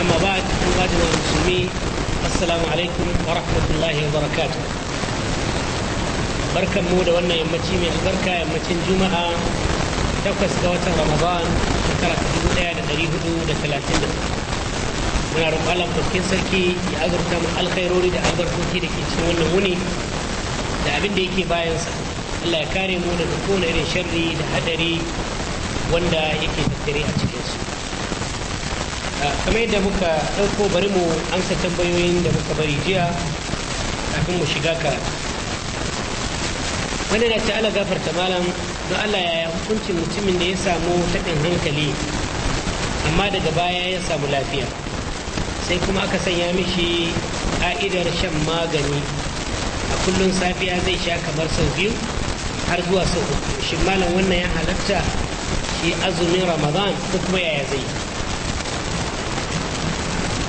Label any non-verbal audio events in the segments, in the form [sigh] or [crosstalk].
amma ba an gaji wa musulmi assalamu alaikum wa rahmatullahi wa barakatu barkan mu da wannan yammaci mai albarka yammacin juma'a takwas ga watan ramadan shekara ta dubu daya da dari hudu da talatin da muna roƙon allah mafarkin sarki ya azurta mu alkhairori da albarkoki da ke cikin wannan wuni da abin da yake bayansa allah ya kare mu daga kowane irin sharri da hadari wanda yake tattare a cikinsu kamar yadda muka ɗauko bari mu amsa tambayoyin da muka bari jiya kafin mu shiga ka wanda na ta gafarta malam don allah yaya hukuncin mutumin da ya samu taɗin hankali amma daga baya ya samu lafiya sai kuma aka sanya mishi ka'idar shan magani a kullum safiya zai sha kamar sau biyu har zuwa sau uku shi malam wannan ya halatta shi azumin ramadan ko kuma yaya zai yi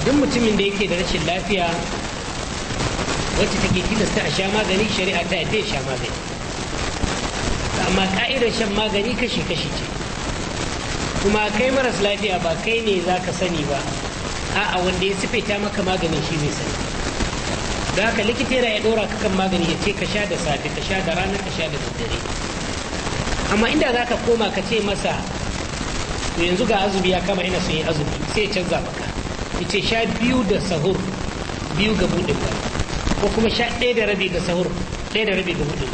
duk mutumin da yake da rashin lafiya wacce take tilasta a sha magani shari'a ta yadda ya sha magani amma ka'idar shan magani kashi-kashi ce kuma kai maras lafiya ba kai ne za ka sani ba a'a wanda ya ta maka maganin shi zai sani da haka likita yana ya dora ka kan magani ya ce ka sha da safe ka sha da rana ka sha da daddare amma inda za ka koma ka ce masa yanzu ga azumi ya kama ina son yi azumi sai ya canza maka yace sha biyu da sahur biyu ga buɗin ko kuma sha ɗaya da rabi ga sahur ɗaya da rabi ga buɗin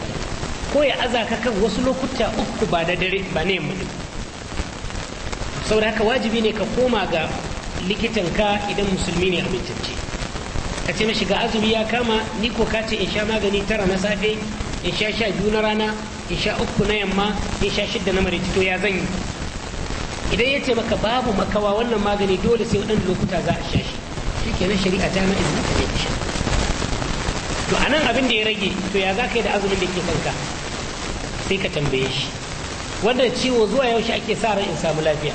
ko ya aza ka kan wasu lokuta uku ba da dare ba ne mu saboda haka wajibi ne ka koma ga likitanka idan musulmi ne amintacce ka ce mashi ga azumi ya kama ni ko ka ce in sha magani tara na safe in sha sha biyu na rana in sha uku na yamma in sha shidda na maraice ya zanyi. idan ya ce maka babu makawa wannan magani dole sai waɗanda lokuta za a sha shi shi kenan shari'a ta na izini ka daina sha to a nan abin da ya rage to ya za ka yi da azumin da ke kanka sai ka tambaye shi wanda ciwo zuwa yaushe ake sa ran in samu lafiya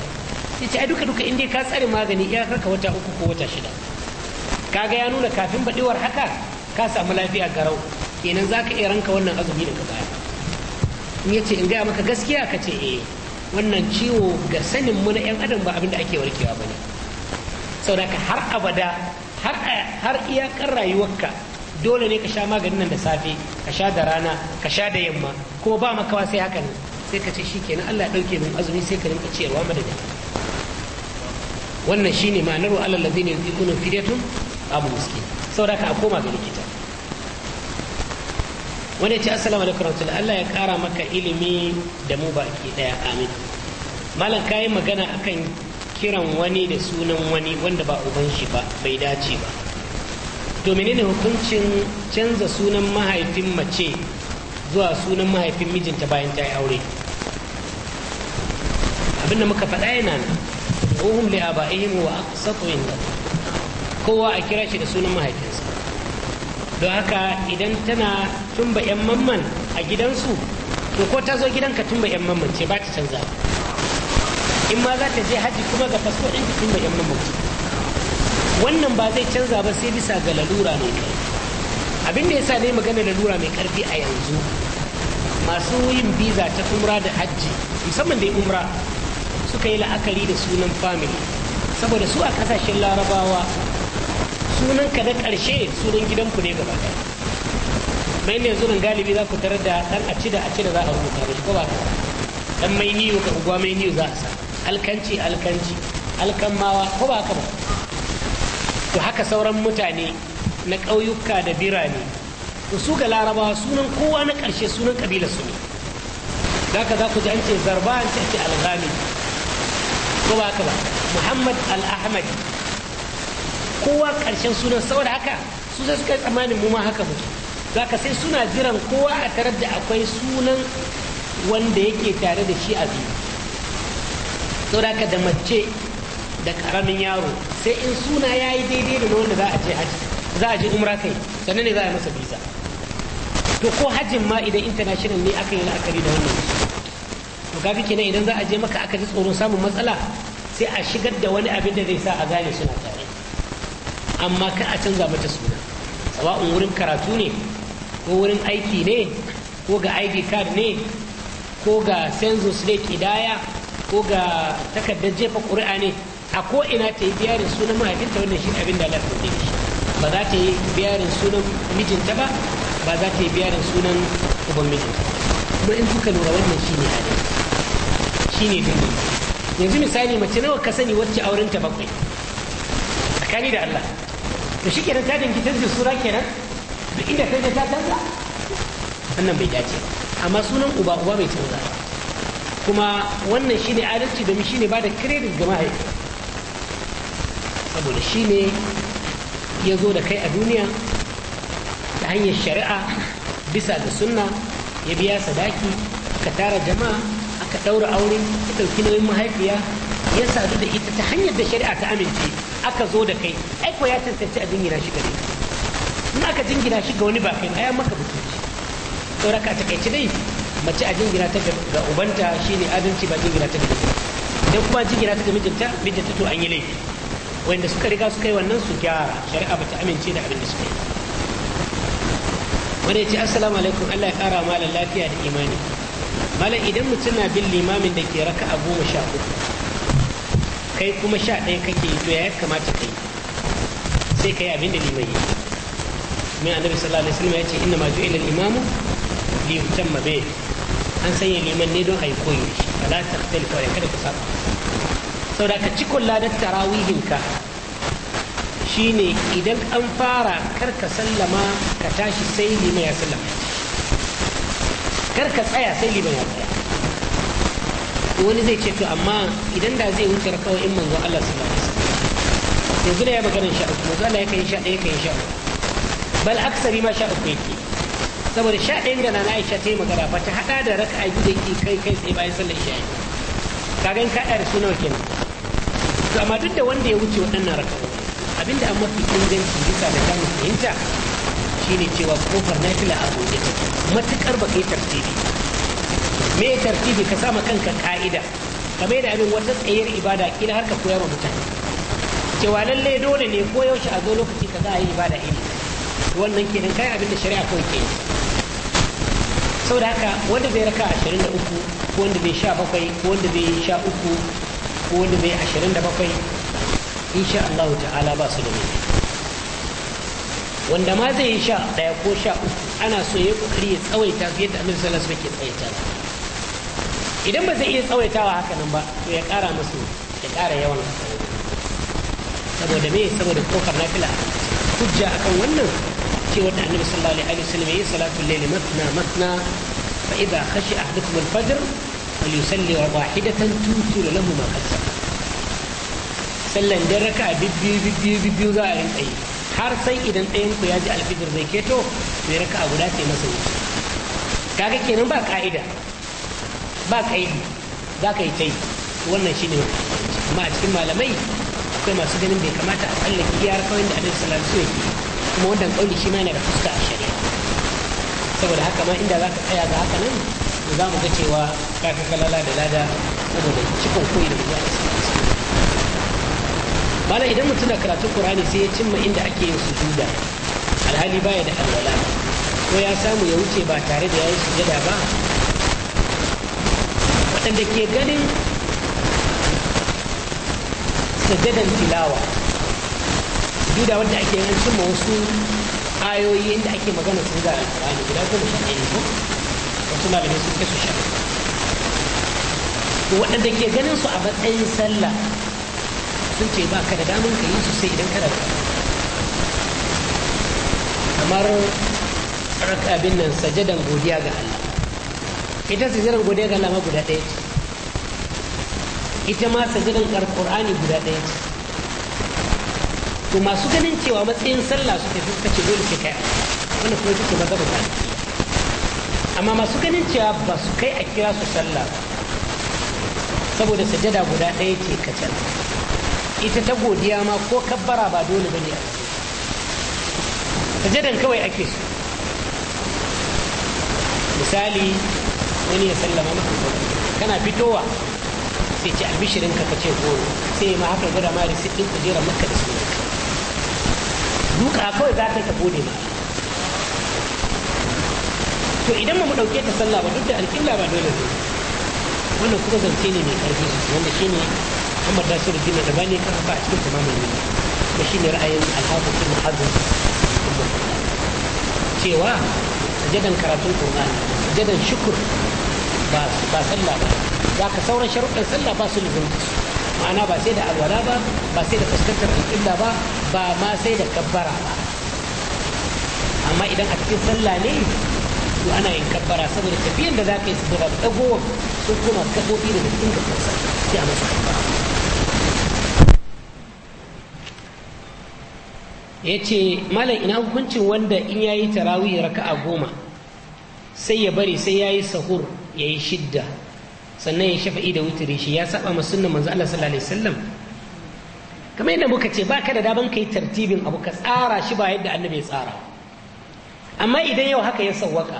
sai ce ai duka duka in dai ka tsare magani ya karka wata uku ko wata shida kaga ya nuna kafin baɗewar haka ka samu lafiya garau kenan za ka iya ranka wannan azumi daga baya in ya in gaya maka gaskiya ka ce eh wannan ciwo ga sanin mu na 'yan adam ba abin da ake warkewa ba ne sau da har abada har iyakar rayuwarka dole ne ka sha maganin nan da safe ka sha da rana ka sha da yamma ko ba makawa sai haka ne sai ka ce shi kenan allah ɗauke min azumi sai ka rinka ciyarwa madadin wannan shine ma'anar wa allah lazini yanzu kuna fidyatun abu miskin sau da ka a koma ga likita wanda ce assalamu alaikum rahmatullahi Allah ya kara maka ilimi da mu baki daya amin malam kayi magana akan kiran wani da sunan wani wanda ba uban shi ba bai dace ba to menene hukuncin canza sunan mahaifin mace zuwa sunan mahaifin mijinta bayan ta yi aure abinda muka faɗa yana nan uhum li abaihim wa aqsatu inda kowa a kira shi da sunan mahaifinsa don haka idan tana tumba yan mamman a gidansu to ko ta zo gidanka tumba yan mamman ce ba ta canza in ma za ta je haji kuma ga fasfo ɗin tumba yan mamman ce wannan ba zai canza ba sai bisa ga lalura mai ƙarfi abin da ya sa ne magana lalura mai ƙarfi a yanzu masu yin biza ta umra da hajji musamman da umra suka yi la'akari da sunan family saboda su a kasashen larabawa sunan ka na ƙarshe sunan gidanku ne gaba ɗaya mai ne yanzu galibi za ku tarar da ɗan a ci da a ci da za a rubuta mishi ko ba ka ɗan mai niyo ka ugwa mai niyo za a sa alkanci alkanci alkanmawa ko ba ka ba to haka sauran mutane na ƙauyuka da birane to su ga larabawa sunan kowa na ƙarshe sunan ƙabila su ne za ka za ku ji an ce zarba an ce alghami ko ba ka ba muhammad al-ahmadi kowa ƙarshen sunan saboda haka su sai suka yi tsammanin mu ma haka mu za ka sai suna jiran kowa a tarar da akwai sunan wanda yake tare da shi a biyu saboda haka da mace da ƙaramin yaro sai in suna ya yi daidai da wanda za a je haji za a je umra kai sannan ne za a masa biza to ko hajjin ma idan international ne aka yi la'akari da wannan to gafi kenan idan za a je maka aka ji tsoron samun matsala sai a shigar da wani abin da zai sa a gane suna tare amma ka a canza mata suna sawa'un wurin karatu ne ko wurin aiki ne ko ga id card ne ko ga census ne kidaya ko ga takardar jefa ƙuri'a ne a ko ina ta yi biyarin sunan mahaifinta wannan shi abin da lafiya ne ba za ta yi biyarin sunan mijinta ba ba za ta yi biyarin sunan uban mijinta kuma in suka lura wannan shi ne hali shi ne dindin yanzu misali mace nawa ka sani wacce aurenta bakwai tsakani da allah to shi kenan ta dangi canjin sura kenan duk inda ta canza wannan bai dace ba amma sunan uba uba bai canza ba kuma wannan shine adalci domin shine ba da kiredit ga mahaifi saboda shine ya zo da kai a duniya ta hanyar shari'a bisa ga sunna ya biya sadaki ka tara jama'a aka ɗaura aure ta ɗauki nauyin mahaifiya ya sadu da ita ta hanyar da shari'a ta amince aka zo da kai aiko ya tantance a jingina shi gare in aka jingina shi ga wani ba kai ai maka mutunci ta kai ci dai mace a jingina ta ga ubanta shine adalci ba jingina ta ga idan kuma jingina ta ga mijinta mijinta to an yi laifi wanda suka riga suka yi wannan su gyara shari'a ta amince da abin da suka yi wani ya ce assalamu alaikum allah ya kara malam lafiya da imani malam idan mutum na bin limamin da ke raka a goma sha uku kai kuma sha ɗaya kake yi to ya kamata ka yi sai ka yi abin da liman yi mai annabi sallallahu alaihi wasallam ya ce inna ma ju'ila al-imamu li yutamma bih an sanya liman ne don a yi koyi fala takhtalif wa kada ku saba saboda ka ci kulla da tarawihin ka shine idan an fara karka sallama ka tashi sai liman ya sallama karka tsaya sai liman ya tsaya wani zai ce to amma idan da zai wuce rakawa in manzon Allah sallallahu alaihi wasallam yanzu da ya magana sha uku Allah ya kai sha ɗaya kai sha uku bal aksari ma sha uku yake saboda sha da nana Aisha ta yi magana ba ta haɗa da raka'a gida da kai kai tsaye bayan sallar isha Ka in ka ɗaya da suna nawa kenan to amma duk da wanda ya wuce waɗannan raka'o'i abinda an mafi inganci bisa da zamu fahimta shine cewa kofar nafila a goge take matukar ba kai tartibi me tartibi ka sama kanka ka'ida ka mai da abin wata tsayar ibada kila har ka koyar wa mutane cewa lalle dole ne ko yaushe a zo lokaci ka za a yi ibada iri wannan kenan kai abin da shari'a kawai ke sau da haka wanda bai raka ashirin da uku ko wanda bai sha bakwai ko wanda bai sha uku ko wanda bai ashirin da bakwai insha Allah ta'ala ba su da mai wanda ma zai yi sha daya ko sha uku ana so ya kokari ya tsawaita su yadda annabi sallallahu alaihi wasallam ke tsawaita idan ba zai iya tsawaitawa haka nan ba to ya ƙara musu ya ƙara yawan saboda me saboda kofar nafila hujja akan wannan ce wanda annabi sallallahu alaihi wasallam yayi salatul layl matna matna fa idha khashiya ahadukum al-fajr falyusalli wahidatan tutiru lahu ma qad sallan daraka raka'a bibbiyu bibbiyu bibbiyu za a rinka yi har sai idan ɗayan ku ya ji alfijir zai keto mai a guda ce masa wuce kaga kenan ba ka'ida ba yi za ka yi ta yi wannan shi ne ma a cikin malamai akwai masu ganin bai kamata a tsallake iyar kawai da annabi sallallahu ya ke kuma wannan kauli shi ma yana da fuska a shari'a saboda haka ma inda za ka tsaya ga haka nan to za mu ga cewa ka ka kalala da lada saboda cikon koyi da mutum a bala idan mutum na karatun Kur'ani sai ya cimma inda ake yin sujuda alhali baya da alwala ko ya samu ya wuce ba tare da ya yi sujada ba waɗanda ke ganin sajadan tilawa duda wadda ake yin cimma wasu ayoyi inda ake magana sun a alƙur'ani guda goma sha ɗaya ko wasu malamai sun kai su sha waɗanda ke ganin su a matsayin sallah sun ce ba ka da damar ka yi su sai idan kana da kamar abin nan sajadan godiya ga Allah ita sujadar godiya ga lama guda ɗaya ce ita ma sujadar alƙur'ani guda ɗaya ce to masu ganin cewa matsayin sallah su fi suka ce dole sai kai wanda kuma suke maza ba amma masu ganin cewa ba su kai a kira su sallah saboda sajada guda ɗaya ce kacal ita ta godiya ma ko kabbara ba dole ne a Sajadan kawai ake so misali wani ya sallama maka goro kana fitowa sai ce albishirin ka ka ce goro sai ma haka gwada ma risit ɗin kujerar maka da sunan duka kawai za ka yi ka gode ma to idan mu ɗauke ta sallah ba duk da alƙilla ba dole ne wannan kuma zance ne mai ƙarfi sosai wanda shi ne Muhammad Nasiru Dina da bane ka haka a cikin tamamin ne da shi ne ra'ayin alhafiz ibn Hazm cewa sajadan karatun Qur'ani sajadan shukur ba sallah ba za ka sauran sharuɗin sallah ba su nufin ma'ana ba sai da alwala ba ba sai da fuskantar alƙilla ba ba ma sai da kabbara ba amma idan a cikin sallah ne to ana yin kabbara saboda tafiyan da za ka yi saboda ɗagowar sun kuma gaɓoɓi daga cikin sai a masa ya ce malam ina hukuncin wanda in ya yi tarawih raka'a goma sai ya bari sai yayi sahur ya yi shidda sannan ya shafa'i da wutiri shi ya saba ma sunnan manzo Allah sallallahu alaihi wasallam kamar yadda muka ce baka da daban kai tartibin abu ka tsara shi ba yadda annabi ya tsara amma idan yau haka ya sawwaka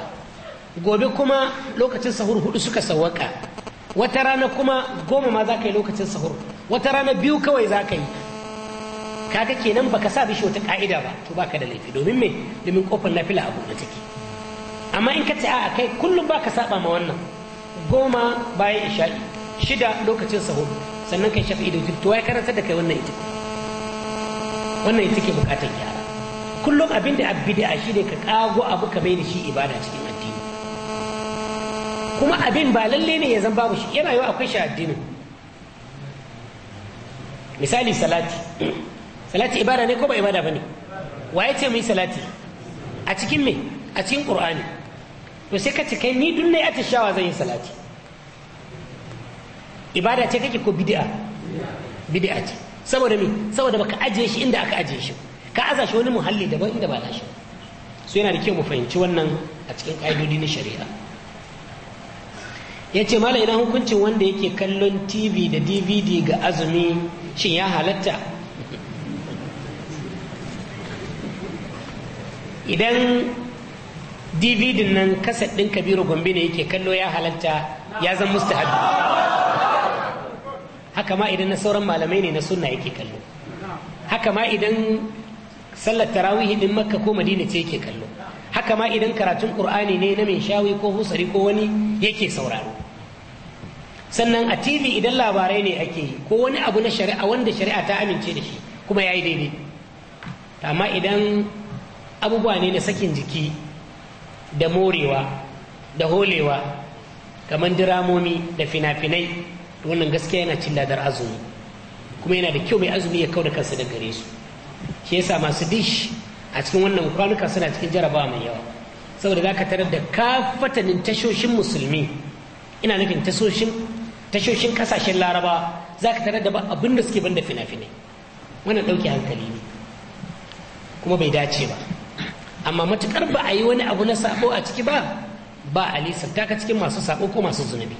gobe kuma lokacin sahur hudu suka sawwaka wata rana kuma goma ma za ka yi lokacin sahur wata rana biyu kawai za ka yi kaga kenan baka sa bishi wata ka'ida ba to baka da laifi domin me domin kofar nafila abu da take amma in ka ce a kai kullum ba ka saba ma wannan goma bayan isha'i shida lokacin sahu sannan kai shafi ido jibto ya karanta da kai wannan ita wannan ita ke bukatar gyara kullum abin da da shi ne ka kago abu ka bai da shi ibada cikin addini kuma abin ba lalle ne ya zan babu shi yana yiwa akwai shi addinin misali salati salati ibada ne ko ba ibada ba ne waye ce mu yi salati a cikin me a cikin qur'ani to sai ka ce kai ni dun nayi atishawa zan yi salati ibada ce kake ko bid'a bid'a ce saboda me saboda baka ajiye shi inda aka ajiye shi ka aza shi wani muhalli daban inda ba nashi so yana da kyau mu fahimci wannan a cikin ƙa'idodi na shari'a ya ce mala ina hukuncin wanda yake kallon tv da dvd ga azumi shin ya halatta idan dvd nan kasar ɗin kabiru gombe ne yake kallo ya halarta ya zan mustahabi haka ma idan na sauran malamai ne na sunna yake kallo haka ma idan sallar tarawihi din makka ko madina ce yake kallo haka ma idan karatun qur'ani ne na min shawi ko husari ko wani yake sauraro sannan a tv idan labarai ne ake yi ko wani abu na shari'a wanda shari'a ta amince da shi kuma ya yi daidai amma idan abubuwa ne na sakin jiki da morewa da holewa kamar diramomi da fina-finai wannan gaskiya yana cin ladar azumi kuma yana da kyau mai azumi ya kau kansa da gare su shi yasa masu dish a cikin wannan kwanuka suna cikin jarabawa mai yawa saboda za ka tarar da kafatanin tashoshin musulmi ina nufin tashoshin kasashen laraba za ka tarar da ba abin da suke banda fina-finai wannan ɗauke hankali ne kuma bai dace ba amma matukar ba a yi wani abu na sabo a ciki ba ba a lisa ka cikin masu sabo ko masu zunubi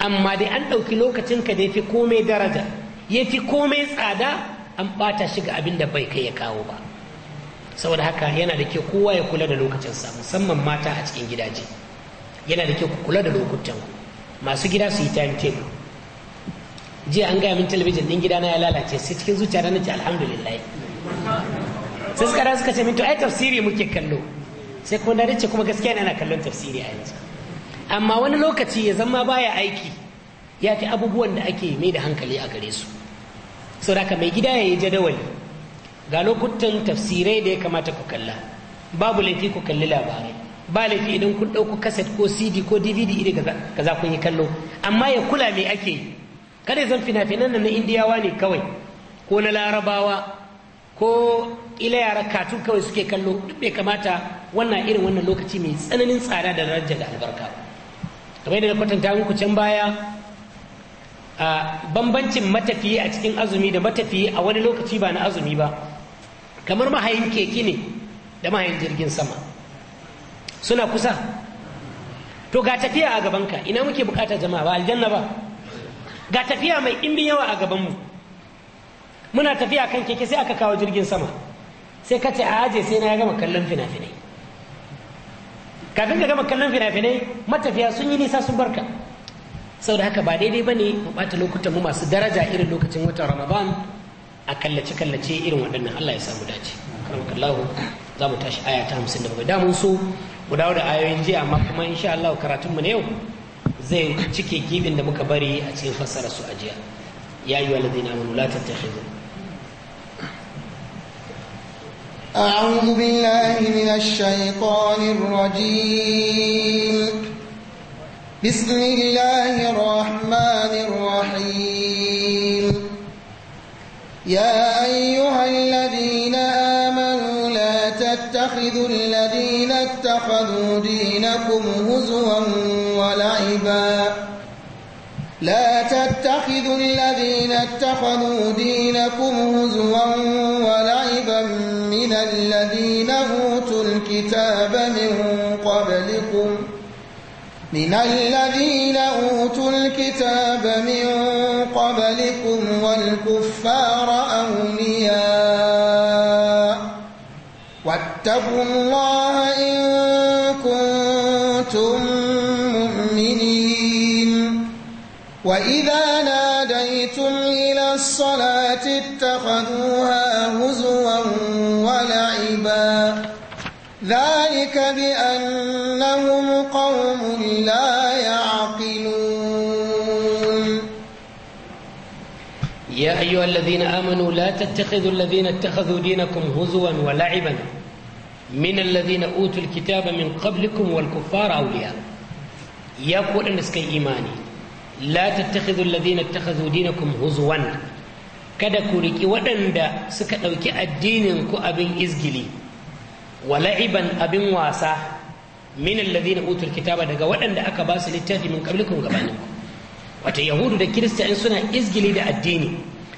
amma dai an ɗauki lokacin da ya fi komai daraja ya fi komai tsada an ɓata shi ga abin da bai kai ya kawo ba saboda haka yana da kyau kowa ya kula da lokacinsa musamman mata a cikin gidaje yana da kyau ku kula da lokutan masu gida su yi time table jiya an gaya min talabijin din gidana ya lalace sai cikin zuciya na ce alhamdulillah sai suka da suka ce min to ai tafsiri muke kallo sai kuma na rice kuma gaskiya ne ana kallon tafsiri a yanzu amma wani lokaci ya zama baya aiki ya fi abubuwan da ake mai da hankali a gare su sau da mai gida ya yi jadawali ga lokutan tafsirai da ya kamata ku kalla babu laifi ku kalli labarai ba laifi idan kun ɗauku kaset ko cd ko dvd iri za kun yi kallo amma ya kula mai ake yi kada zan fina-finan na indiyawa ne kawai ko na larabawa ko ila yara katun kawai suke kallo duk bai kamata wannan irin wannan lokaci mai tsananin tsada da daraja da albarka kamar yadda na kwatanta muku can baya a bambancin matafiyi a cikin azumi da matafiyi a wani lokaci ba na azumi ba kamar mahayin keke ne da mahayin jirgin sama suna kusa to ga tafiya a gabanka ina muke bukata jama'a ba aljanna ba ga tafiya mai ɗimbin yawa a gabanmu muna tafiya kan keke sai aka kawo jirgin sama sai ka ce a aje sai na ya gama kallon fina-finai kafin ka gama kallon fina-finai matafiya sun yi nisa sun barka saboda haka ba daidai ba ne mu ɓata lokutan mu masu daraja irin lokacin watan ramadan a kallace-kallace irin waɗannan allah ya samu dace za mu tashi aya ta hamsin da bakwai da mun so mu dawo da ayoyin jiya amma kuma insha allah mu na yau zai cike gibin da muka bari a cikin fassara su a jiya ya yi wa ladina amanu la أعوذ بالله من الشيطان الرجيم بسم الله الرحمن الرحيم يا أيها الذين آمنوا لا تتخذوا الذين اتخذوا دينكم هزوا ولعبا لا تتخذوا الذين اتخذوا دينكم هزوا ولعبا من الذين أوتوا الكتاب من قبلكم من الذين أوتوا الكتاب من قبلكم والكفار أولياء واتقوا الله إن كنتم مؤمنين وإذا ناديتم إلى الصلاة اتخذوها هزوا بأنهم قوم لا يعقلون يا أيها الذين آمنوا لا تتخذوا الذين اتخذوا دينكم هزوا ولعبا من الذين أوتوا الكتاب من قبلكم والكفار أولياء يا قول نسكي إيماني لا تتخذوا الذين اتخذوا دينكم هزوا kada ku riki waɗanda suka ɗauki addininku abin izgili wala'iban abin wasa min na utul kitaba daga waɗanda aka ba su littafi min qablikum gabanin Wata yahudu da kirista in suna izgili da addini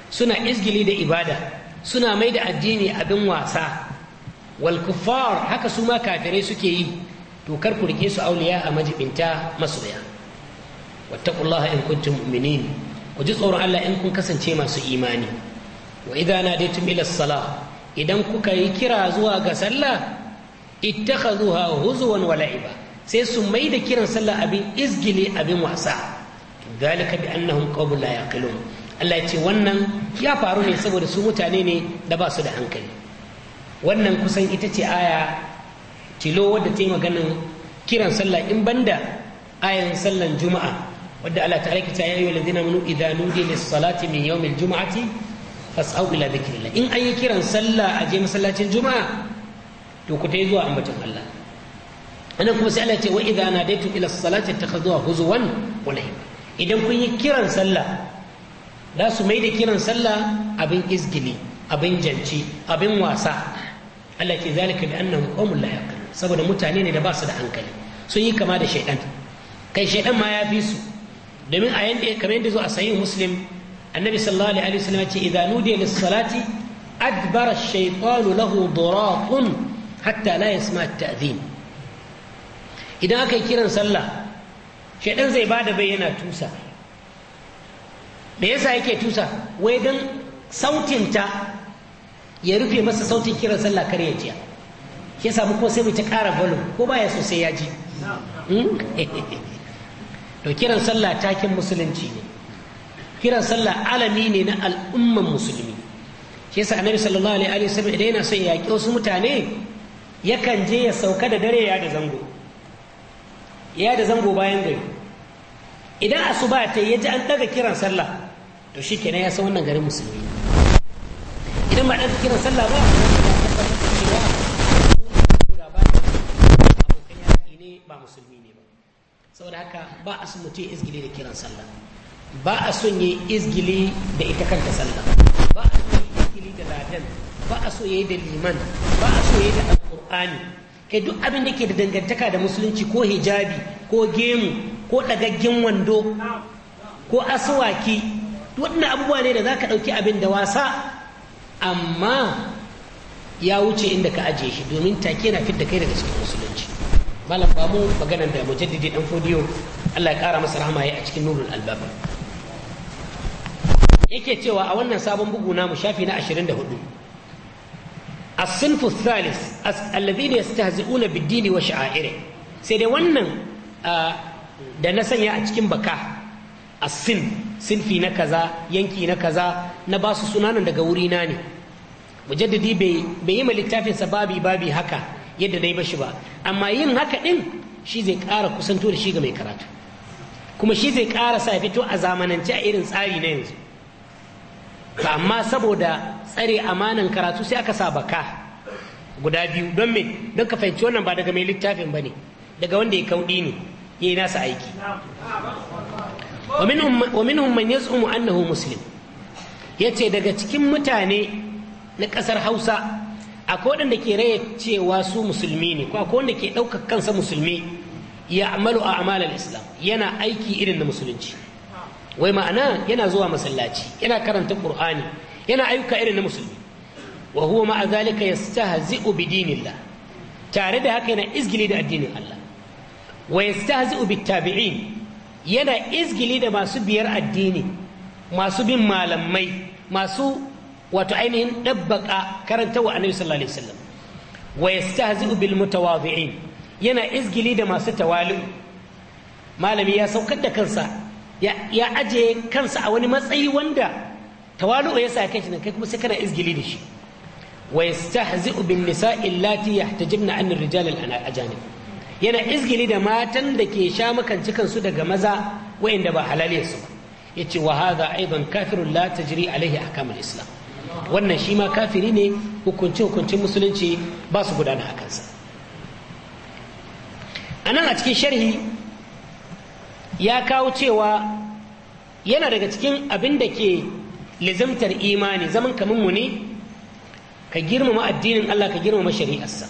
suna izgili da ibada suna mai da addini abin wasa wal kuffar haka su ma kafirai suke yi to kar ku rike su auliya a majibinta masoya wattaqullaha in kuntum mu'minin ku ji tsoron Allah in kun kasance masu imani wa idza nadaytum ila salah idan kuka yi kira zuwa ga sallah ittakhazuha huzwan huzuwan wala'iba sai su mai da kiran sallah abin izgili abin wasa dalika bi annahum qawmun la yaqilun Allah ya ce wannan ya faru ne saboda su mutane ne da ba su da hankali wannan kusan ita ce aya tilo wadda ta yi maganin kiran sallah in banda ayan sallan juma'a wadda Allah ta aikata ya yi wa ladina minu idanu lis salati min yawmil juma'ati fas'au ila dhikrillah in an yi kiran sallah a je masallacin juma'a to ku zuwa ambaton Allah anan kuma sai Allah ce wa idza nadaitu ila salati takhaduha huzuwan wa idan kun yi kiran sallah za su mai da kiran sallah abin izgili abin janci abin wasa Allah ce zalika bi annahum qaumun la yaqilun saboda mutane ne da ba su da hankali sun yi kama da shaidan kai shaidan ma ya fi su domin a yanda kamar yadda zo a sahih muslim annabi sallallahu alaihi wasallam ce idza nudiya lis-salati adbara ash-shaytanu lahu duratun hatta la yasma at-ta'dhin idan aka yi kiran sallah shaydan zai bada bayyana tusa da yasa yake tusa wai dan sautinta ya rufe masa sautin kiran sallah kar ya jiya ke samu ko sai mu ta sosai ya ji hmm? [laughs] kiran sallah takin musulunci ne kiran sallah alami ne na al'umman musulmi shi yasa annabi sallallahu alaihi wa sallam idan yana son ya yaƙi wasu mutane yakan je ya sauka da dare ya da zango ya da zango bayan gari idan asuba ta ya ji an daga kiran sallah to shi kenan ya san wannan garin musulmi idan ba daga kiran sallah ba ba musulmi ne ba saboda haka ba a su mutum izgile da kiran sallah ba a son yi izgili da ita kanta sallah ba a son yi izgili da ladan ba a so yi da liman ba a so yi da alƙur'ani kai duk abin da ke da dangantaka da musulunci ko hijabi ko gemu ko ɗagaggen wando ko asuwaki waɗannan abubuwa ne da za ka ɗauki abin da wasa amma ya wuce inda ka ajiye shi domin take na fit da kai daga cikin musulunci malam ba mu maganar da mujaddidi dan fodiyo Allah ya kara masa rahama a cikin nurul albab yake cewa a wannan sabon bugu mu shafi na 24 as-sinfu thalis alladhina yastahzi'una bid-dini wa sha'aire sai dai wannan da na sanya a cikin baka as-sin sinfi na kaza yanki na kaza na ba su sunanan daga wuri na ne mujaddadi bai yi ma littafin sa babi babi haka yadda dai bashi ba amma yin haka din shi zai ƙara kusanto da shi ga mai karatu kuma shi zai ƙara sa fito a zamanance a irin tsari na yanzu Ka amma saboda tsare amanan karatu sai aka sa baka guda biyu don me don ka fahimci wannan ba daga mai littafin ba ne daga wanda ya kauɗi ne ya yi nasa aiki wa minhum ya tsumu annahu muslim ce daga cikin mutane na ƙasar Hausa akwai da ke raye cewa su musulmi ne ko akwai wanda ke ɗaukar kansa musulmi ya amalu a amalar islam yana aiki irin na musulunci wai ma'ana yana zuwa masallaci yana karanta qur'ani yana ayyuka irin na musulmi wa huwa ma'a zalika yastahzi'u bi dinillah tare da haka yana izgili da addinin Allah wa yastahzi'u bit tabi'in yana izgili da masu biyar addini masu bin malamai masu wato ainihin dabbaka karanta wa annabi sallallahu alaihi wasallam wa yastahzi'u bil mutawadhi'in yana izgili da masu tawali'u malami ya saukar da kansa ya aje kansa a wani matsayi wanda tawalu ya sa kai nan kai kuma sai kana izgili da shi wa yastahzi'u bin nisa'i allati yahtajibna an ar-rijal al-ajanib yana izgili da matan da ke sha makanci kansu daga maza wayanda ba halale su yace wa hadha aidan kafirun la tajri alaihi al islam wannan shi ma kafiri ne hukunci hukuncin musulunci ba su gudana a kansa anan a cikin sharhi ya kawo cewa yana daga cikin abin da ke lizimtar imani zaman kamin mu ne ka girmama addinin Allah ka girmama shari'arsa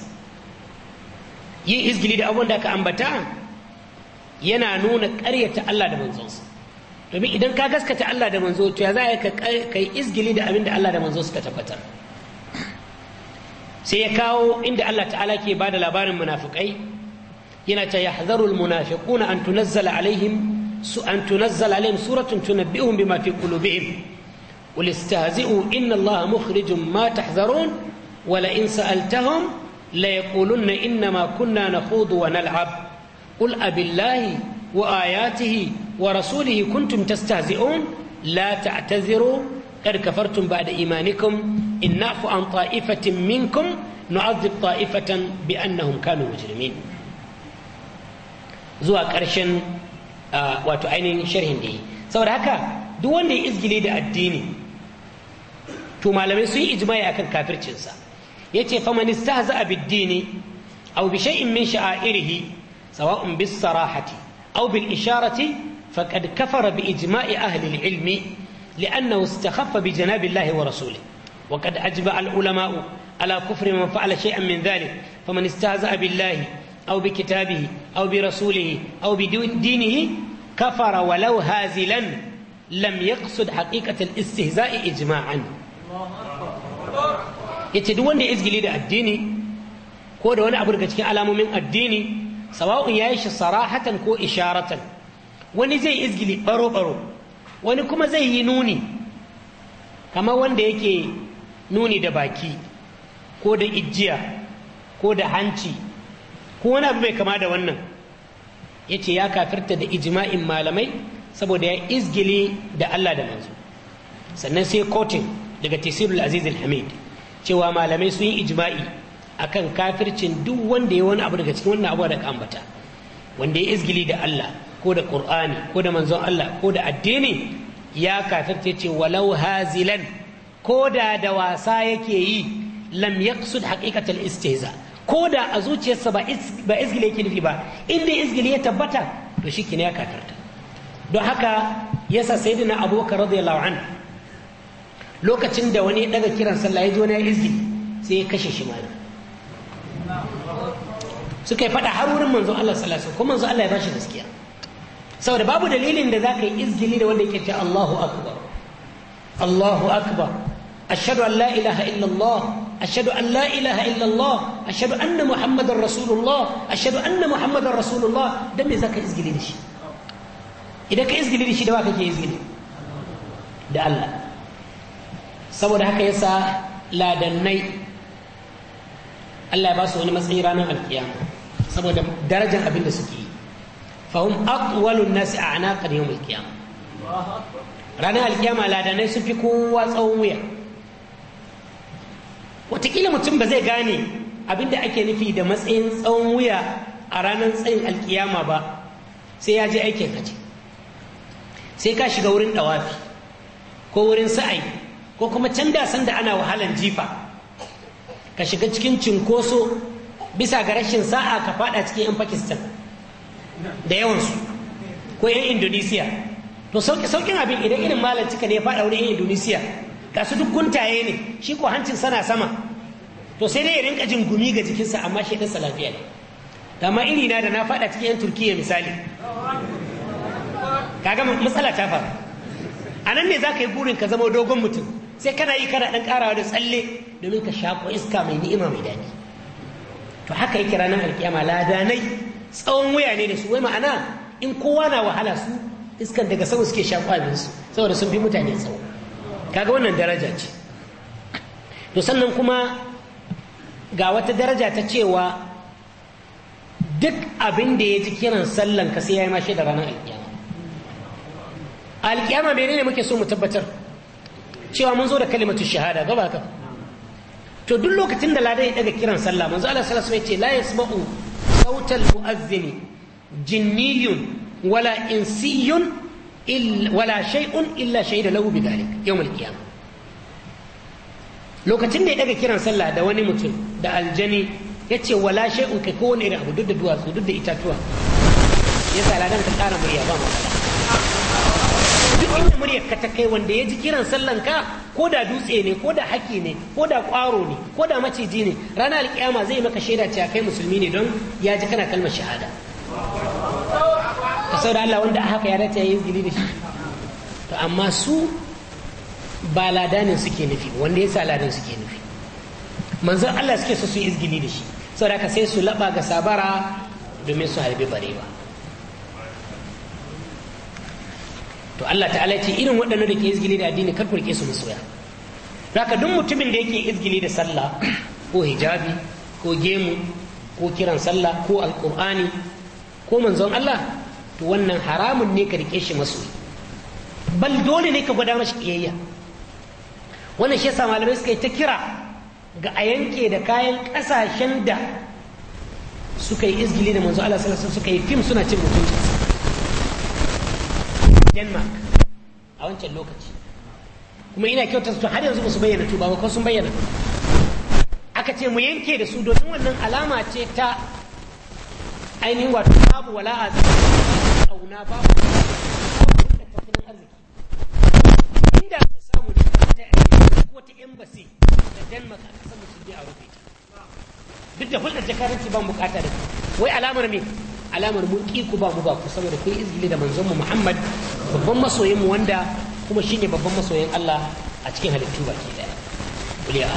yin izgili da abin da ka ambata yana nuna ƙaryata Allah da manzonsa domin idan ka gaskata Allah da manzo to ya za ka yi izgili da abin da Allah da manzo suka tabbatar sai ya kawo inda Allah ta'ala ke ba da labarin munafukai ينتيحذر المنافقون أن تنزل عليهم أن تنزل عليهم سورة تنبئهم بما في قلوبهم قل استهزئوا إن الله مخرج ما تحذرون ولئن سألتهم ليقولن إنما كنا نخوض ونلعب قل أبالله وآياته ورسوله كنتم تستهزئون لا تعتذروا قد كفرتم بعد إيمانكم إن نعفو عن طائفة منكم نعذب طائفة بأنهم كانوا مجرمين zuwa ƙarshen wato ainihin sharhin da yi saboda haka duk wanda ya izgile da addini to malamai sun yi ijma'i akan kafircinsa yace faman istahza'a bid-dini aw bi shay'in min sha'airihi sawa'un bis-sarahati aw bil-isharati faqad kafara bi ijma'i ahli al-ilmi لأنه استخف بجناب الله ورسوله وقد أجمع العلماء على كفر من فعل شيئا من ذلك فمن استهزأ بالله أو بكتابه أو برسوله أو بدون دينه كفر ولو هازلا da يقصد istihza'i الاستهزاء إجماعا yace duk wanda ya izgili da addini ko da wani abu daga cikin alamomin addini sawa'un ya yi shi sarahatan ko isharatan wani zai izgili baro-baro wani kuma zai yi nuni kamar wanda yake nuni da baki ko da ijiya ko da hanci ko wani abu mai kama da wannan ya ce ya kafirta da ijma'in malamai saboda ya izgili da Allah da manzo sannan sai Kotun daga tesirul aziz hamid cewa malamai sun yi ijma'i akan kafircin duk wanda ya wani abu daga cikin wannan abu da ambata wanda ya izgili da Allah ko da Qur'ani ko da manzon Allah ko da addini ya kafirta ce walau hazilan ko da da wasa yake yi lam yaqsud haqiqatal istihza' ko da a zuciyarsa ba izgile yake nufi ba inda izgile ya tabbata to shi ya kakarta don haka yasa saidina abubakar radiyallahu an lokacin da wani daga kiran sallah ya ji wani izgi sai ya kashe shi malam suka yi faɗa har wurin manzo Allah sallallahu alaihi wasallam Allah ya bashi gaskiya saboda babu dalilin da zaka yi izgili da wanda yake cewa Allahu akbar Allahu akbar ashhadu an la ilaha illallah أشهد أن لا إله إلا الله أشهد أن محمد رسول الله أشهد أن محمد رسول الله دم ذاك إزجلي إذا كإزجلي دشي دواك كي إزجلي da Allah saboda haka yasa ladannai Allah ya ba su wani matsayi ranar alkiyama saboda darajar abin da suke yi fahim aqwalun nasi a anaqar yawm alkiyama ranar alkiyama sun fi kowa wuya watakila mutum ba zai gane abin da ake nufi da matsayin tsawon wuya a ranar tsayin alkiyama ba sai ya je aikin haji sai ka shiga wurin dawafi ko wurin sa'ai ko kuma can da sanda ana wahalan jifa ka shiga cikin cinkoso bisa ga rashin sa'a ka fada cikin 'yan pakistan da yawansu ko 'yan indonesiya to sauƙin abin idan irin malar cika ne ya fada wurin 'yan indonesiya ga su duk guntaye ne shi ko hancin sana sama to sai dai ya rinka jin gumi ga jikinsa amma shi ɗansa lafiya ne amma iri na da na faɗa cikin 'yan turkiyya misali kaga matsala ta faru a nan ne za ka yi burin ka zama dogon mutum sai kana yi kana ɗan ƙarawa da tsalle domin ka shaƙo iska mai ni'ima mai daɗi to haka yake ranar alkiyama nai tsawon wuya ne da su wai ma'ana in kowa na wahala su iskan daga sama suke shaƙo abinsu saboda sun fi mutane tsawo kaga wannan daraja ce to sannan kuma ga wata daraja ta cewa duk abin da ya ji kiran sallan ka sai ya yi mashi da ranar alkiyama alkiyama ne muke so mu tabbatar cewa mun zo da kalimatu shahada ba ba ka to duk lokacin da ladan ya daga kiran sallah manzo Allah sallallahu alaihi wasallam ya ce la yasma'u sautal mu'azzini jinniyun wala insiyun wala shay'un illa lokacin da ya daga kiran sallah da wani mutum da aljani ya ce wala shay'un kai ko wani irin abu duk da duwatsu duk da itatuwa ya sa ladan ka kara murya ba mu duk inda muryar ka ta kai wanda ya ji kiran sallan ka ko da dutse ne ko da haki ne ko da kwaro ne ko da maciji ne ranar alkiyama zai maka shaida cewa musulmi ne don ya ji kana kalma shahada Ka sau da Allah wanda a haka ya dace ya yi izgili da shi to amma su ba ladanin suke nufi wanda ya sa ladan suke nufi manzan Allah suke so su yi izgili da shi sau da sai su laba ga sabara domin su harbi barewa to Allah ta'ala ce irin waɗannan da ke izgili da addini kar ke su masoya haka duk mutumin da yake izgili da sallah ko hijabi ko gemu ko kiran sallah ko alkur'ani ko manzon Allah to wannan haramun ne ka rike shi masoyi bal dole ne ka gwada mashi kiyayya wannan shi yasa malamai suka yi ta kira ga a yanke da kayan kasashen da suka yi izgili da manzo Allah sallallahu alaihi suka yi fim suna cin mutunci Denmark a wancan lokaci kuma ina kyauta su har yanzu musu su bayyana tuba ba ko sun bayyana aka ce mu yanke da su domin wannan alama ce ta ainihin wato babu wala a tsauna babu tattalin arziki inda su samu da ta aiki ko ta embassy da denmark a kasar musulmi a rufe duk da hulɗar jakaranci ban bukata da wai alamar me alamar mun ƙi ku ba mu ba ku saboda kun izgili da manzon mu Muhammad babban masoyin mu wanda kuma shine babban masoyin Allah a cikin halittu baki daya kuliya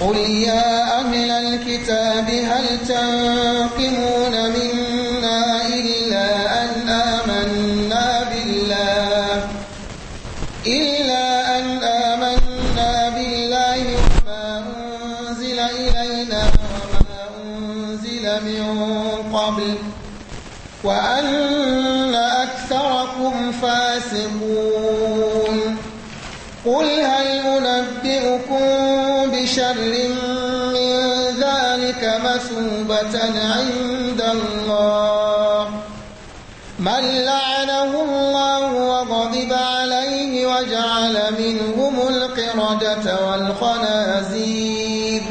قل يا أهل الكتاب هل تنقمون منا إلا أن آمنا بالله إلا أن آمنا بالله وما أنزل إلينا وما أنزل من قبل وأن أكثركم فاسقون قل هل شر من ذلك مثوبة عند الله من لعنه الله وغضب عليه وجعل منهم القردة والخنازير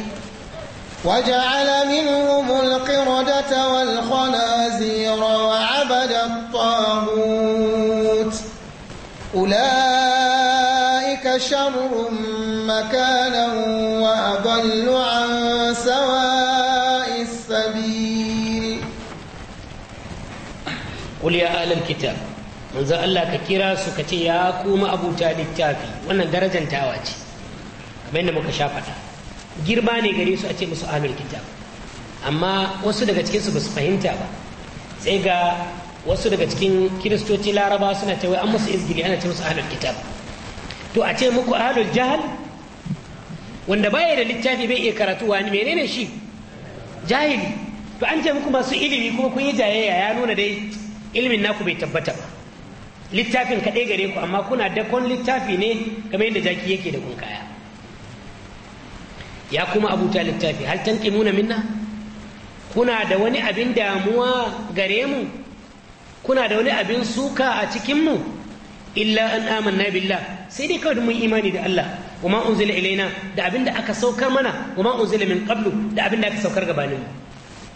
وجعل منهم القردة والخنازير وعبد الطاغوت أولئك شر مكانا وأضل عن سواء السبيل قل يا أهل الكتاب manzo Allah ka kira su ka ce ya kuma abuta littafi wannan تاواتي tawa ce kamar girma ne gare su a ce musu ahlul kitab amma wasu daga cikin su basu fahimta ba sai ga wasu daga cikin kiristoci laraba suna ta wai an musu izgiri ana ce musu ahlul kitab to a ce muku ahlul jahal wanda baya da littafi bai iya karatu wani menene shi jahili to an ce muku masu ilimi kuma kun yi jayayya ya nuna dai ilimin naku bai tabbata ba littafin kaɗai gare ku amma kuna dakon littafi ne kamar yadda jaki yake da kunkaya ya kuma abuta littafi hal muna minna kuna da wani abin damuwa gare mu kuna da wani abin suka a cikin mu illa an amanna billah sai dai kawai mun imani da Allah wa ma unzila ilaina da abinda aka saukar mana wa ma unzila min qablu da abinda aka saukar gabanin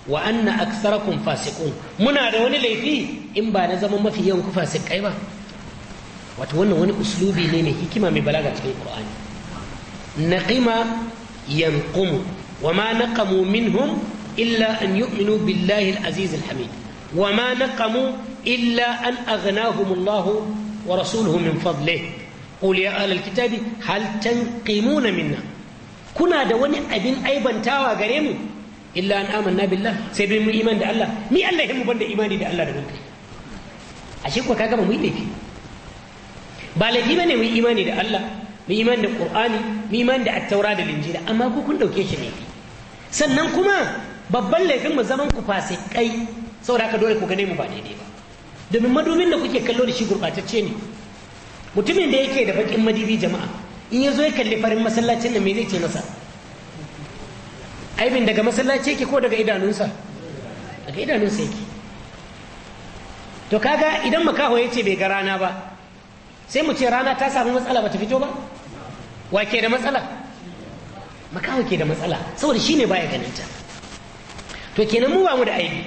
wa anna aktsarakum fasiqun muna da wani laifi in ba na zama mafi yawan ku fasikai ba wato wannan wani uslubi ne mai hikima mai balaga cikin qur'ani naqima yanqumu wa ma naqamu minhum illa an yu'minu billahi al-aziz al-hamid wa ma naqamu إلا أن أغناهم الله ورسوله من فضله قل يا أهل الكتاب هل تنقمون منا كنا دوني أبن أيبا تاوى غريمو إلا أن آمنا بالله سيبين من إيمان دا الله مي الله هم بند إيماني دا الله دا منك أشيك وكاكا ما ميلي في بالك إيماني مي إيماني دا الله مي إيمان دا القرآن مي إيمان دا التوراة دا الإنجيل أما كو كن دوكيش نيفي سنن كما babban laifin mu zaman ku fasikai saboda haka dole ku gane mu ba daidai ba domin madubin da kuke kallo da shi gurbatacce ne mutumin da yake da bakin madibi jama'a in ya zo ya kalli farin masallacin nan me zai ce masa aibin daga masallaci yake ko daga idanunsa daga idanunsa yake to kaga idan makaho ya ce bai ga rana ba sai mu ce rana ta samu matsala ba ta fito ba wa ke da matsala makaho ke da matsala saboda shi ne baya ganin ta to kenan mu ba mu da aibi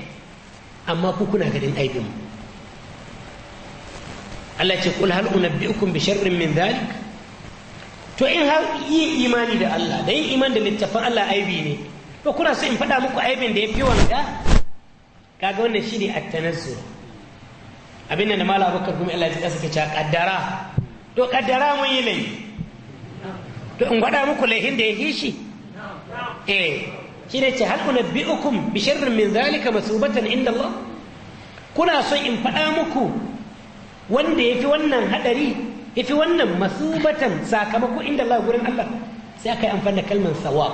amma ku kuna ganin aibin mu Allah ce kul hal unabbiukum bi sharrin min dhalik to in har yi imani da Allah da yin imani da littafin Allah aibi ne to kuna so in faɗa muku aibin da ya fi wanda kaga wannan shine at-tanazzu abin da mala bakar kuma Allah ya tsaka ce kaddara to kaddara mun yi laifi to in faɗa muku laifin da ya yi shi eh shi ne ce hal unabbiukum bi sharrin min zalika masubatan inda Allah kuna son in faɗa muku wanda ya fi wannan haɗari ya fi wannan masubatan sakamako inda Allah gurin Allah sai aka yi amfani da kalmar sawab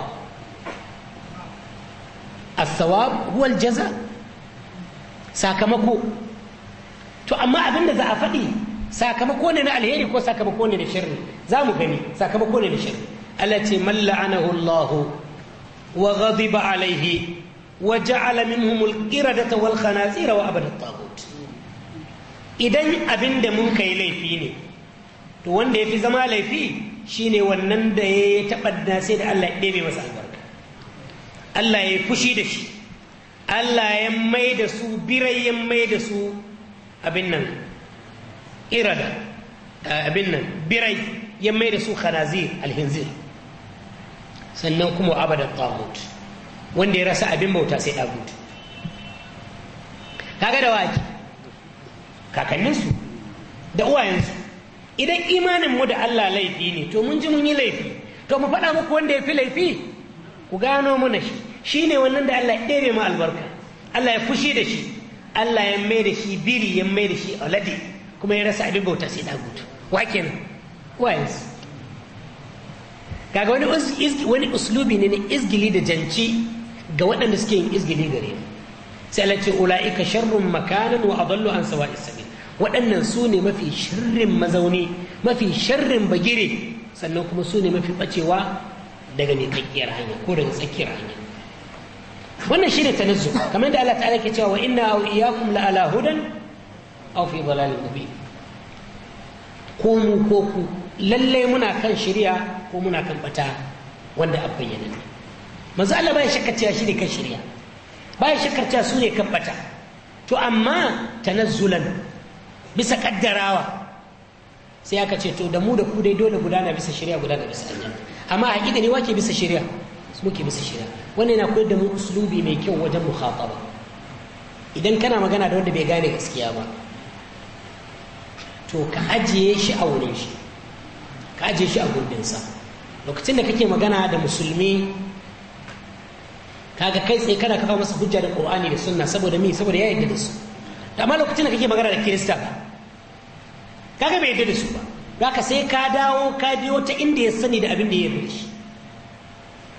as-sawab huwa jaza sakamako to amma abin da za a faɗi sakamako ne na alheri ko sakamako ne na shirri za mu gani sakamako ne na shirri Allah ce man la'anahu Allah wa ghadiba alaihi wa ja'ala minhum al-qiradata wal khanazira wa abada at idan abin da mun kai laifi ne to wanda ya fi zama laifi shine wannan da ya taɓa sai da Allah ya ɗebe masa albarka Allah ya fushi da shi Allah ya mai da su birai ya mai da su abin nan irada eh, abin nan birai ya mai da su khanazir alhinzir sannan kuma abada tagut wanda ya rasa abin bauta sai tagut kaga da waki kakanninsu da uwayensu idan imanin mu da Allah laifi ne to mun ji mun yi laifi to mu faɗa muku wanda ya fi laifi ku gano mana shi shi ne wannan da Allah ya ɗebe ma albarka Allah ya fushi da shi Allah ya mai da shi biri ya mai da shi alade kuma ya rasa abin bauta sai dagutu wa kenan uwayensu kaga wani wani uslubi ne na izgili da janci ga waɗanda suke yin izgili gare mu sai Allah ce ulaika sharrun makanan wa adallu an sawa'is sabil waɗannan su ne mafi shirin mazauni mafi shirin bagire sannan kuma su ne mafi ɓacewa daga mai tsakiyar hanya ko daga tsakiyar hanya wannan shi ne tanazzu kamar da Allah ta'ala ke cewa wa inna aw iyyakum la ala hudan aw fi dhalalin mubin ko mu ko ku lalle muna kan shiriya ko muna kan bata wanda a bayyana ne manzo Allah bai shakka cewa shi ne kan shiriya bai shakka cewa su ne kan bata to amma tanazzulan bisa kaddarawa sai aka ce to da mu da ku dai dole gudana bisa shari'a gudana bisa aljanna amma a hakika ne wake bisa shari'a muke bisa shari'a wannan yana koyar da mu uslubi mai kyau wajen mukhataba idan kana magana da wanda bai gane gaskiya ba to ka ajiye shi a wurin shi ka ajiye shi a sa lokacin da kake magana da musulmi kaga kai tsaye kana kafa masa hujja da qur'ani da sunna saboda me saboda ya yarda da su amma lokacin da kake magana da kirista kaga bai yadda da su ba haka sai ka dawo ka biyo ta inda ya sani da abin da ya mulki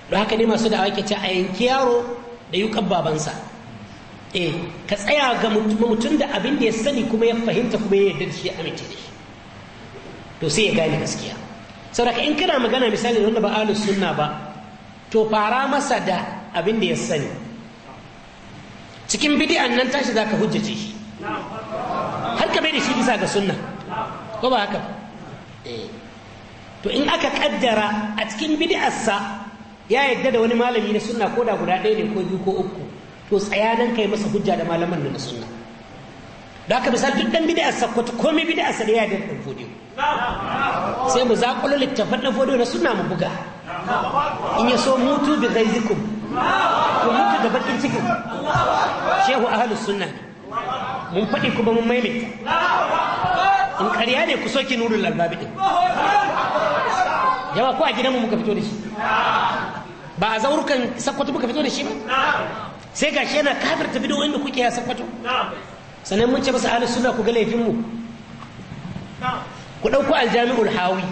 don haka ne masu da'awa ke ce a yanki yaro da yukan babansa eh ka tsaya ga mutum da abin da ya sani kuma ya fahimta kuma ya yarda da shi amince da shi to sai ya gane gaskiya saboda in kana magana misali da wanda ba ahlus sunna ba to fara masa da abin da ya sani cikin bidi'an nan tashi zaka hujjace shi har ka bai da shi bisa ga sunna ko ba haka eh. to in aka kaddara a cikin bid'arsa ya yadda da wani malami na sunna ko da guda ɗaya ne ko biyu ko uku to tsaya nan kai masa hujja da malaman na sunna da haka bisa duk dan bid'arsa ko komai bid'arsa da ya yadda da fodiyo sai mu zakulo littafan na fodiyo na sunna mu buga in ya so mutu bi ghaizikum ku mutu da bakin cikin shehu ahlus sunna mun faɗi kuma mun maimaita in ƙarya ne ku soke nurul albabi din jama ko a gidanmu muka fito da shi ba a zaurukan sakkwato muka fito da shi ba sai ga shi yana kafirta bidiyoyin da kuke ya sakkwato sannan mun ce masa ahlus sunna ku ga laifinmu ku ɗauko aljami'ul hawi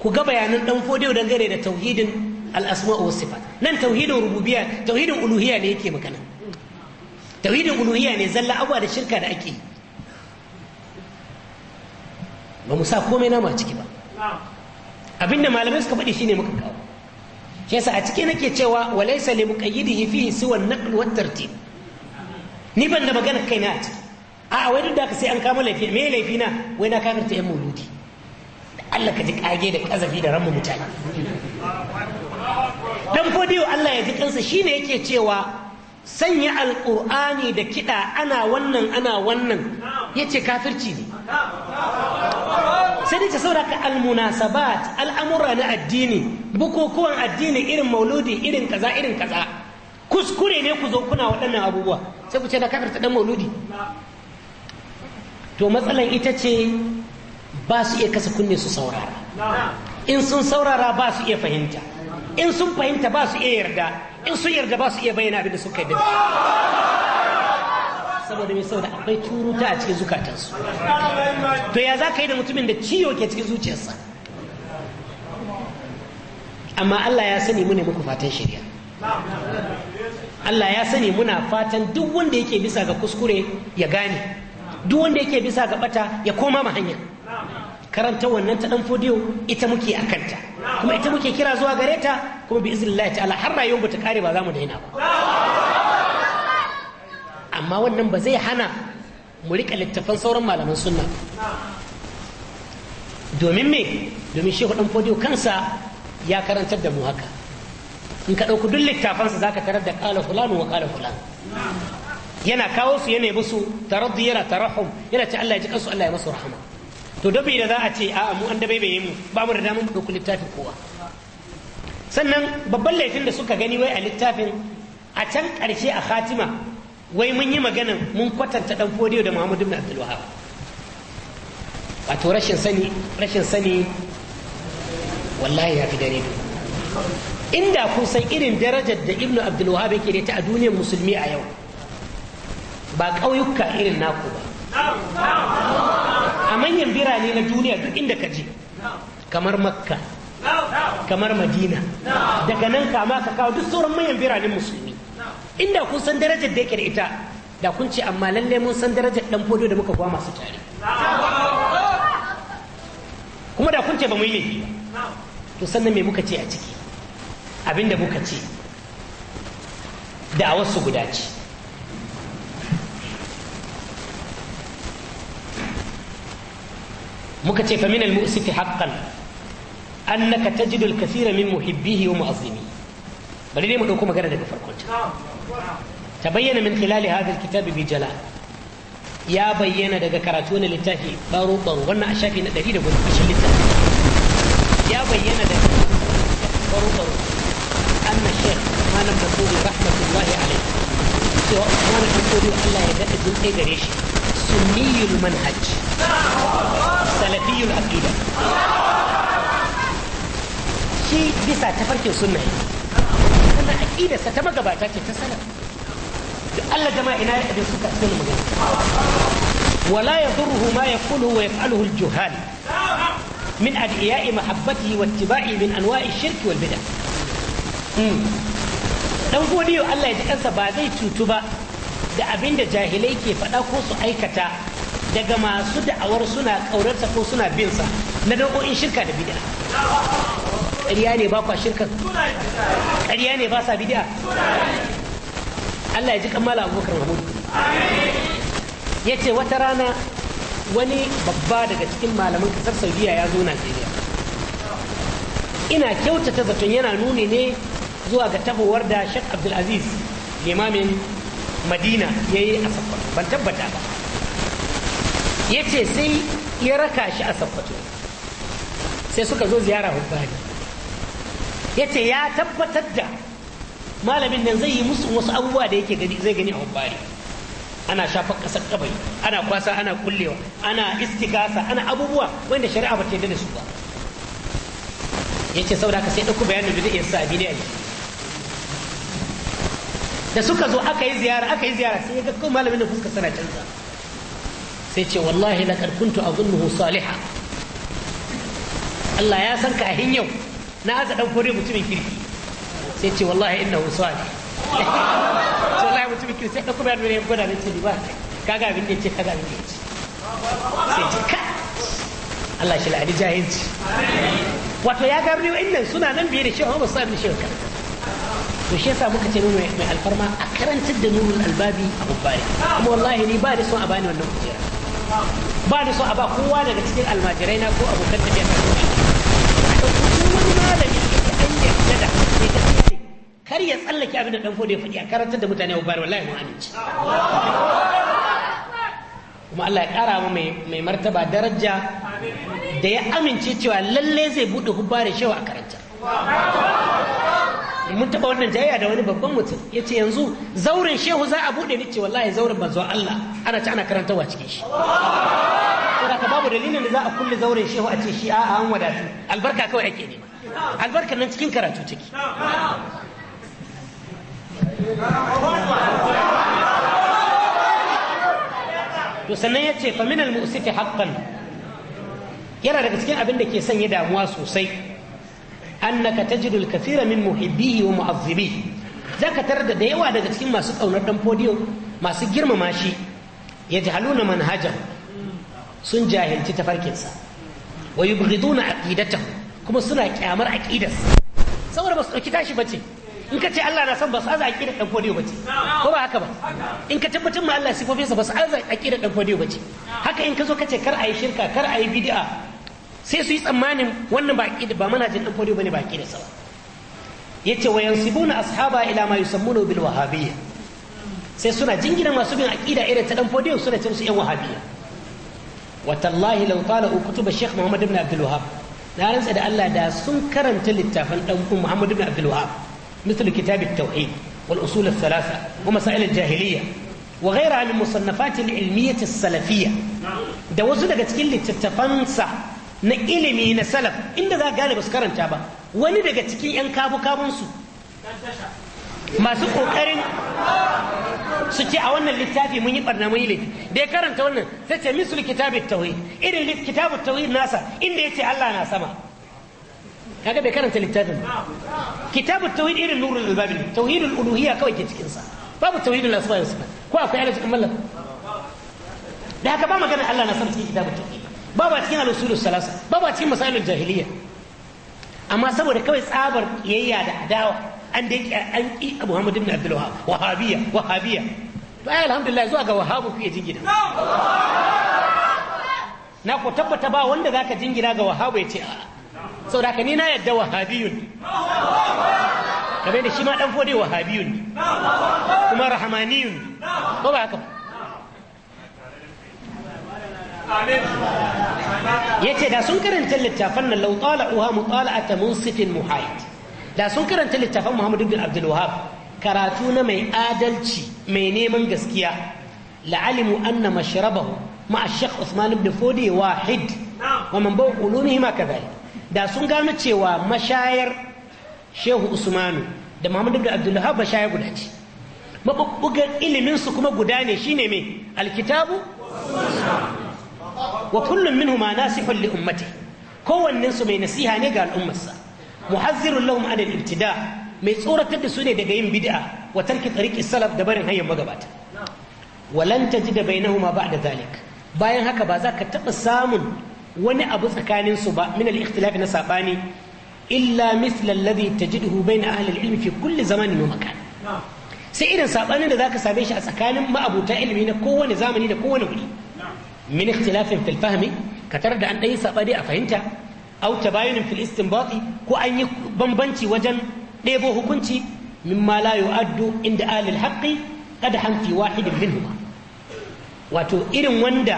ku ga bayanan ɗan fodiyo dangane da tauhidin al'asma wa sifat nan tauhidin rububiya tauhidin uluhiya ne yake magana tauhidin uluhiya ne zalla abuwa da shirka da ake yi ba mu sa komai nama a ciki ba abinda malamai suka faɗi shine muka kawo shi yasa a ciki nake cewa walaysa li muqayyidihi fihi siwa an-naql wa tartib ni ban da magana kai na ciki a wai duk da ka sai an kama laifi me laifi na wai na ta yan mauludi Allah ka ji kage da kazafi da ranmu mutane dan fodiyo Allah ya ji kansa shine yake cewa sanya alƙur'ani da kiɗa ana wannan ana wannan ya ce kafirci ne sai dai sauraka almunasabat al'amura na addini bukukuwan addini irin mauludi irin kaza irin kaza kuskure ne ku zo kuna waɗannan abubuwa sai ku ce na kafirta ɗan mauludi to matsalan ita ce ba su iya kasa kunne su saurara in sun saurara ba su iya fahimta in sun fahimta ba su iya yarda in sun yarda ba su iya bayyana abin da suka yi saboda mai saboda akwai turuta a cikin zukatansu to ya za ka yi da mutumin da ciwo ke cikin zuciyarsa amma Allah ya sani mu ne muku fatan shari'a Allah ya sani muna fatan duk wanda yake bisa ga kuskure ya gane duk wanda yake bisa ga bata ya koma ma hanya karanta wannan ta dan fodiyo ita muke a kanta kuma ita muke kira zuwa gare ta kuma bi iznillahi ta'ala har rayuwar bata kare ba za mu daina ba amma wannan ba zai hana mu rika littafan sauran malaman sunna domin me domin shehu dan fodiyo kansa ya karantar da mu haka in ka ɗauki duk littafansa za ka tarar da ƙala fulanu wa ƙala fulanu yana kawo su yana musu taraddu yana tarahum yana ce Allah ya ji kansu Allah ya masu rahama to dabi da za a ce a'a mu an dabaibaye mu ba mu da damar mu ɗauki littafin kowa sannan babban laifin da suka gani wai a littafin a can ƙarshe a khatima wai mun yi maganan mun kwatanta dan fodiyo da muhammadu bin abdul wahab wato rashin sani rashin sani wallahi ya fi dare inda kun san irin darajar da ibnu abdul wahab yake da ta a duniyar musulmi a yau ba ƙauyuka irin naku ba a manyan birane na duniya duk inda ka je kamar makka kamar madina daga nan kama ka kawo duk sauran manyan biranen musulmi inda kun san darajar da yake da ita da kun ce amma lalle mun san darajar dan fodo da muka kuwa masu tare kuma da kun ce ba mu yi laifi ba to sannan me muka ce a ciki abinda muka ce da a wasu guda ce muka ce famin al-mu'sifi haqqan annaka tajidu al-kathira min muhibbihi wa mu'azzimi bari ne mu dauko magana daga farkon ta tabayyana min khilali hadha al-kitab bi jala ya bayyana daga karatu na littafi baro baro wannan a shafi na 100 da gudu cikin littafi ya bayyana daga baro baro anna shaykh malam basuri rahmatullahi alayhi cewa malam basuri Allah ya dade dun gare shi sunniyul manhaj salafiyul aqida shi bisa tafarkin sunna sannan aqidarsa ta magabata ce ta salaf da Allah jama'a ina ya abin suka cikin magana wala ma juhal من أدعياء محبته واتباعه من أنواع الشرك والبدع dan godiyo Allah ya ji kansa ba zai cutu ba da abin da jahilai ke faɗa ko su aikata daga masu da'awar suna ƙaurarsa ko suna binsa na nau'o'in shirka da bid'a ƙarya ne ba kwa shirka ƙarya ne ba sa bid'a Allah ya ji kammala abubakar mahmud ya ce wata rana wani babba daga cikin malaman kasar saudiya ya zo najeriya ina kyautata zaton yana nuni ne zuwa ga tahowar da shek abdulaziz limamin madina ya yi a ban tabbata ba ya ce sai ya raka shi a sabbato sai suka zo ziyara hubbani ya ce ya tabbatar da malamin nan zai yi musu wasu abubuwa da yake zai gani a hubbani ana shafar ƙasar kabai ana kwasa ana kullewa ana istikasa ana abubuwa wanda shari'a ba ta yarda da su ba ya ce da aka sai ɗauko bayanin da zai sa a ne a da suka zo aka yi ziyara aka yi ziyara sai ya ga kawai malamin da fuska sana canza sai ce wallahi laqad kuntu azunnuhu saliha Allah ya san ka hin yau na aza dan kore mutumin kirki sai ce wallahi innahu salih to [laughs] wallahi mutumin kirki sai da kuma yadda ne gwada ne ce ba kaga abin da ce kaga abin da ce sai ce ka Allah shi la'adi jahilci wato ya gano ne wa'annan suna nan biye da shehu ba su abin shirka to shi yasa muka ce mai alfarma a karantar da nurul albabi a bubbari kuma wallahi ni ba da son a bani wannan kujera ba da so a ba kowa daga cikin almajirai na ko abokan tafiya ta kuma wani malami da an yarda da ya tafiya kar ya tsallake abin da dan fode faɗi a karantar da mutane ba wallahi mu aminci kuma Allah ya kara mu mai martaba daraja da ya amince cewa lalle zai buɗe hubba da shewa a karanta mun taɓa wannan jayayya da wani babban mutum ya ce yanzu zauren shehu za a buɗe ni ce wallahi zauren manzo Allah ana ci ana karantarwa cikin shi saboda ka babu dalilin da za a kulle zauren shehu a ce shi a an wadatu albarka kawai ake nema Albarka nan cikin karatu take to sannan ya ce al musifi haqqan yana daga cikin abin da ke sanya damuwa sosai annaka tajidul kathira min muhibbihi wa mu'azzibi zaka tarar da yawa daga cikin masu kaunar dan podiyo masu girmama shi yajhaluna manhajan sun jahilci tafarkinsa wa yubghiduna aqidatahu kuma suna kyamar aqidarsa saboda ba su dauki tashi bace in ka ce Allah na son ba su aza aqidar dan podiyo bace ko ba haka ba in ka tabbatar ma Allah sifofinsa ba su aza aqidar dan podiyo bace haka in ka zo ka ce kar ayi shirka kar ayi bid'a sai su yi tsammanin wannan baki ba manajin dan fodiyo bane baki da sawa yace wa yansibuna ashaba ila ma yusammuna bil wahabiyya sai suna jingina masu bin aqida irin ta dan fodiyo suna ce su yan wahabiyya wa tallahi law talu kutuba shaykh muhammad ibn abdul wahhab na rantsa da Allah da sun karanta littafan dan muhammad ibn abdul wahhab مثل كتاب التوحيد والأصول الثلاثة ومسائل الجاهلية وغيرها من مصنفات العلمية السلفية ده وزو daga cikin littattafansa na ilimi na salaf inda za gane ba su karanta ba wani daga cikin 'yan kabu-kabunsu masu ƙoƙarin su ce a wannan littafi mun yi ɓarna mun yi laifi da ya karanta wannan sai ce misul kitabin tauhid irin kitabin tauhid nasa inda ya ce Allah na sama kaga bai karanta littafin kitabin tauhid irin nurul albabi tauhidul uluhiyya kawai ke cikin sa babu tauhidul asma'i ko akwai alaji mallaka da haka ba magana Allah na sama cikin kitabin tauhid ba ba cikin al'usulu salasa ba ba cikin misalin jahiliya amma saboda kawai tsabar kiyayya da adawa an da an ki Muhammad ibn Abdul Wahhab wahabiyya wahabiyya to ai alhamdulillah zuwa ga wahabu ya jingina na ku tabbata ba wanda zaka jingina ga wahabu ya ce a'a saboda haka ni na yadda wahabiyun kamar da shi ma dan fode wahabiyun kuma rahmaniyun ba ba haka yace da sun karanta littafan nan law tala'uha mutala'ata munsifin muhaid da sun karanta littafan Muhammad bin Abdul Wahab karatu na mai adalci mai neman gaskiya la'alimu anna mashrabahu ma Sheikh Usman ibn Fodi wahid wa man bawu ulumihi ma kadhalik da sun gano cewa mashayar Shehu Usmanu da Muhammad bin Abdul mashayar guda ce mabubbugan iliminsu kuma guda ne shine me alkitabu wa kullum minhuma nasihun li ummati kowanninsu mai nasiha ne ga al'ummarsa muhazzirun lahum an al-ibtida mai tsoratar da su ne daga yin bid'a wa tarki tariqi salaf da barin hanyar magabata walan tajida bainahuma ba'da zalik bayan haka ba za ka taba samun wani abu tsakanin su ba min al-ikhtilaf na sabani illa mithla alladhi tajiduhu baina ahli al-ilm fi kulli zamanin wa makan sai irin sabanin da zaka same shi a tsakanin ma'abuta ilimi na kowane zamani da kowane wuri min ikhtilafin fil fahmi ka tarar da an ɗan yi a fahimta au tabayunin fil istinbati ko an yi bambanci wajen ɗebo hukunci mimma la yu'addu inda alil haqqi qad hanfi wahidin minhuma wato irin wanda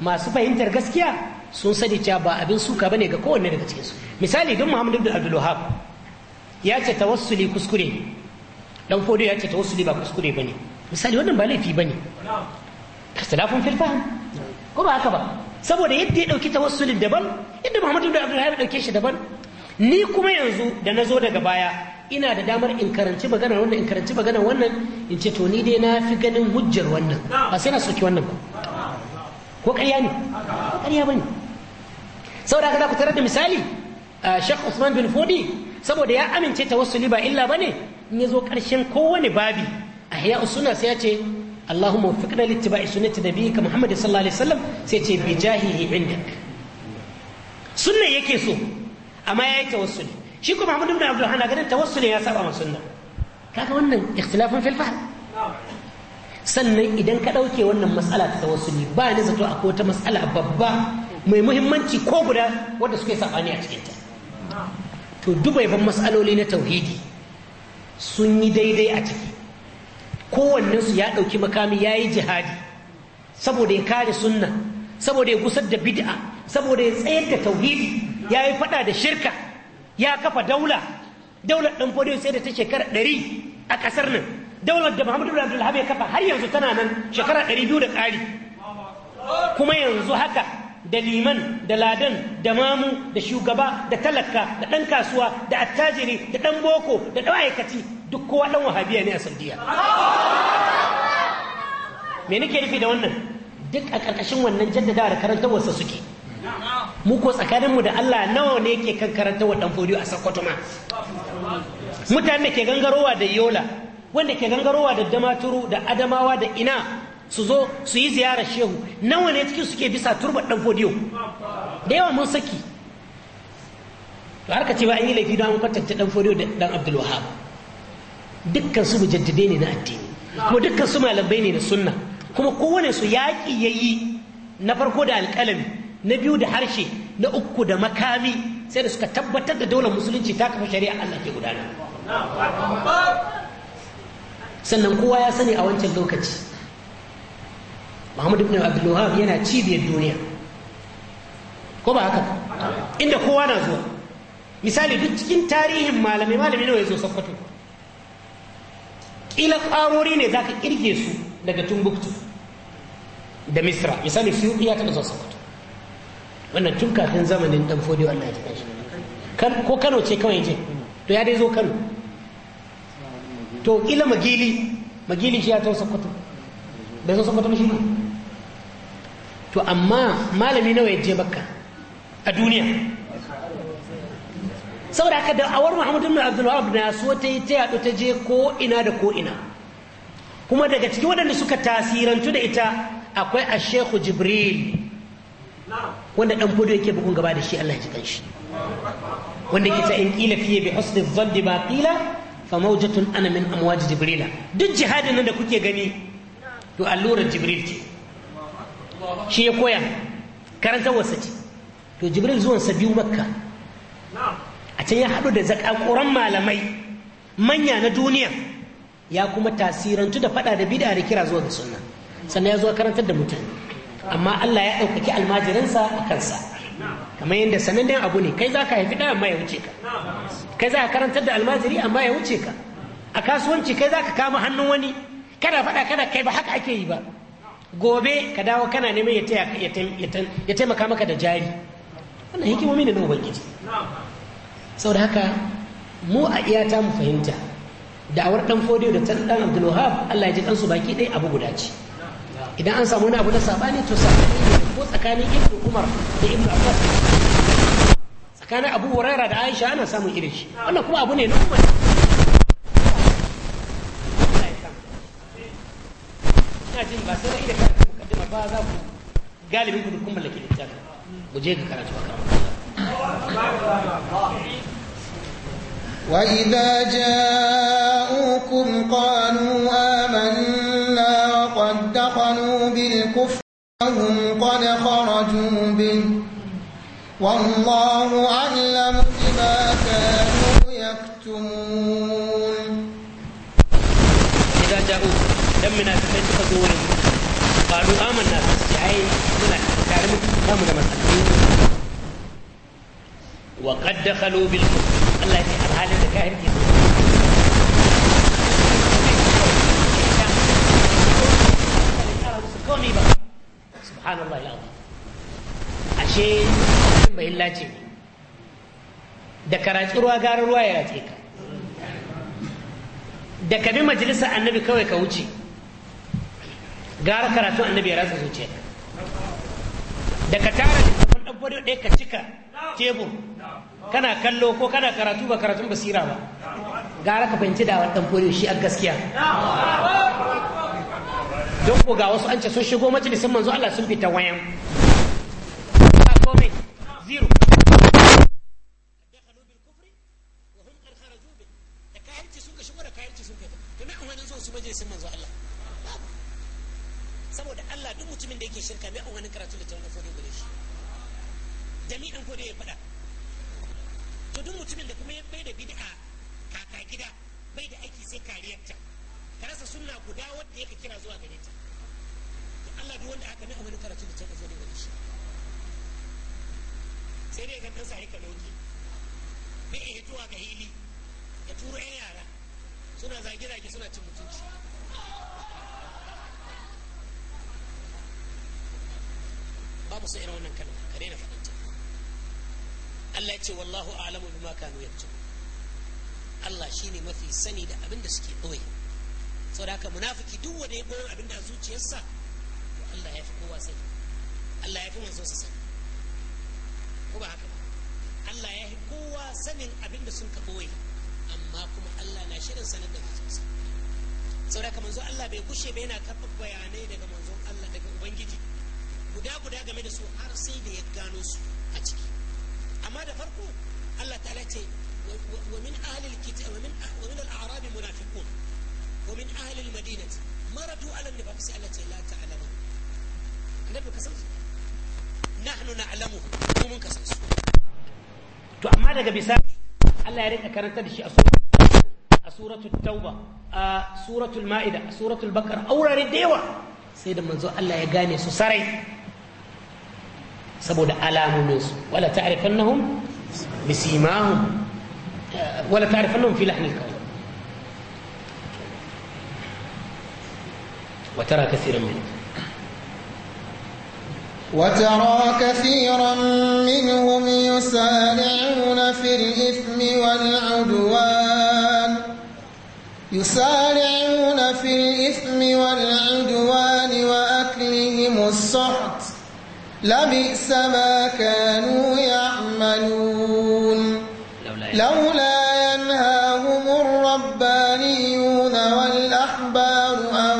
masu fahimtar gaskiya sun sani ba abin suka ba ne ga kowanne daga cikin misali don Muhammad ibn Abdul ya ce tawassuli kuskure dan fodo ya ce tawassuli ba kuskure bane misali wannan ba laifi bane ikhtilafun fil fahm ko ba haka ba saboda yadda ya ɗauki tawassulin daban yadda muhammadu da abdullahi ya ɗauke shi daban ni kuma yanzu da na zo daga baya ina da damar in karanci magana wannan in karanci magana wannan in ce to ni dai na fi ganin hujjar wannan ba sai na soki wannan ba ko ƙarya ne ko ƙarya ba saboda haka za ku tarar da misali shek usman bin fodi saboda ya amince tawassuli ba illa ba ne in ya zo karshen kowane babi a hiyar suna sai ya ce اللهم وفقنا لاتباع سنة نبيك محمد صلى الله عليه وسلم سيتي بجاهه عندك سنة يكيسو أما يأي توسل شيكو محمد بن عبد الرحمن قال توسل يا سبع سنة كاكا ونن اختلاف في الفهم sannan idan ka ɗauke wannan matsala ta tawassuli ba ni zato akwai wata matsala babba mai muhimmanci ko guda wadda suka yi saɓani a cikinta to dubai ban matsaloli na tauhidi sun yi daidai a ciki kowannensu ya ɗauki makami ya yi jihadi saboda ya kare sunna saboda ya gusar da bid'a saboda ya tsayar da tauhidi ya yi faɗa da shirka ya kafa daula daular ɗan fodiyo sai da ta shekara ɗari a ƙasar nan daular da muhammadu bin abdullahi ya kafa har yanzu tana nan shekara ɗari biyu da ƙari kuma yanzu haka da liman da ladan da mamu da shugaba da talaka da ɗan kasuwa da attajiri da ɗan boko da ɗan duk kowa ɗan wahabiya ne a saudiya me nake nufi da wannan duk a ƙarƙashin wannan jaddada da karantarwarsa suke mu ko tsakaninmu da allah nawa ne ke kan karantarwar ɗan fodiyo a sokoto ma mutane da ke gangarowa da yola wanda ke gangarowa da damaturu da adamawa da ina su zo su yi ziyarar shehu nawa ne cikin suke bisa turba dan fodiyo da yawa mun saki to har ka ce ba an yi laifi don an kwatanta dan fodiyo da dan abdul wahab dukkan su mujaddidai ne na addini kuma dukkan su malamai ne na sunna kuma kowane su yaƙi ya yi na farko da alƙalami na biyu da harshe na uku da makami sai da suka tabbatar da daular musulunci ta kafa shari'a Allah ke gudana sannan kowa ya sani a wancan lokaci Muhammadu ibn Abdullahi yana cibiyar duniya ko ba haka inda kowa na zuwa misali duk cikin tarihin malamai malamai nawa ya zo Sokoto kila ƙarori ne zaka kirge su daga Timbuktu da Misra misali su ya taɓa zuwa Sokoto wannan tun kafin zamanin dan fodi Allah ya taɓa ko Kano ce kawai je to ya dai zo Kano to kila magili magili shi ya taɓa Sokoto bai zo Sokoto ba shi ba. to amma malami nawa ya je makka a duniya saboda haka da awar muhammadu bin abdul wahab na so ta yi ta yaɗu ta je ko ina da ko ina kuma daga cikin waɗanda suka tasirantu da ita akwai a shehu jibril wanda ɗan fodo yake bugun gaba da shi allah ji kan shi wanda ke ta in kila fiye bi husni zandi ba kila fa maujatun ana min amwaji jibrila duk jihadin nan da kuke gani to allurar jibril ce shi ya koya karanta wasa ce to jibril zuwan sa biyu makka a can ya haɗu da zakakuran malamai manya na duniya ya kuma tasirantu da faɗa da bid'a da kira zuwa ga sunna sannan ya zo karantar da mutane amma Allah ya ɗaukaki almajiransa a kansa kamar yadda sanannen abu ne kai za ka haifi ɗaya amma ya wuce ka kai za ka karantar da almajiri amma ya wuce ka a kasuwanci kai za ka kama hannun wani kada faɗa kada kai ba haka ake yi ba gobe ka dawo kana neman ya taimaka maka da jari wannan hikimomi ne na ubangiji sau da haka mu a iyata mu fahimta da'awar dan fodiyo da dan abdul Allah ya ji kansu baki ɗaya abu guda ce idan an samu wani abu na sabani to sabani ne ko tsakanin ibnu umar da ibnu abbas tsakanin abu huraira da aisha ana samun irin shi wannan kuma abu ne na umar ina وإذا جاءوكم قالوا آمنا وقد دخلوا بالكفر وهم قد خرجوا به والله أعلم بما كانوا يكتمون إذا جاءوكم لم نتكلم suka zo wani na su ce ai muna tare mu da matsala wa Allah alhalin da ka subhanallah ashe bai lace ne da ruwa gara ruwa ya ka da ka bi majalisa annabi kawai ka wuce gara karatun annabi ya rasa zuciya da ka tara littafin ɗan fado ɗaya ka cika tebur kana kallo ko kana karatu ba karatun basira ba gara ka fahimci da wani ɗan shi a gaskiya don ko ga wasu an ce sun shigo majalisin manzo Allah sun fita wayan zero da kayanci sun ka shigo da kayanci sun fita to me an wani zo su manzo Allah saboda Allah duk mutumin da yake shirka mai wani karatu da tauna kafori gare shi jami'an kodi ya faɗa to duk mutumin da kuma ya bai da bid'a kaka gida bai da aiki sai kariyarta ka rasa sunna guda wadda yake kira zuwa gare ta to Allah duk wanda aka mai wani karatu da tauna kafori gare shi sai dai zan sa ka loki bai iya hituwa ga hili ya turo 'yan yara suna zage-zage suna cin mutunci ba mu san irin wannan kalma ka daina faɗin ta Allah ya ce wallahu a'lamu bima kanu yaktubu Allah shine mafi sani da abin da suke ɓoye saboda haka munafiki duk wanda ya ɓoye abin da zuciyarsa to Allah ya fi kowa sani Allah ya fi manzon sa sani ko ba haka Allah ya fi kowa sanin abin da sun ka ɓoye amma kuma Allah na shirin sanar da manzonsa saboda haka manzo Allah bai kushe ba yana karɓar bayanai daga manzon Allah daga ubangiji guda guda game da su har sai da ya gano su a ciki amma da farko Allah ta'ala ce wa min ahlil kitab wa min wa min al-a'rab munafiqun wa min ahlil madinati maradu ala an-nifaq sai Allah ce la ta'lamu annabi ka san su nahnu na'lamu mu mun kasan su to amma daga bisani Allah ya rika karanta da shi a sura a suratul tauba a suratul ma'ida a suratul bakara a wurare da yawa sai da manzo Allah ya gane su sarai ولا تعرف أنهم بسيماهم ولا تعرف أنهم في لحن الكون وترى كثيرا منهم وترى كثيرا منهم يسارعون في الإثم والعدوان يسارعون في الإثم والعدوان وأ لبئس ما كانوا يعملون لولا ينهاهم الربانيون والأحبار عن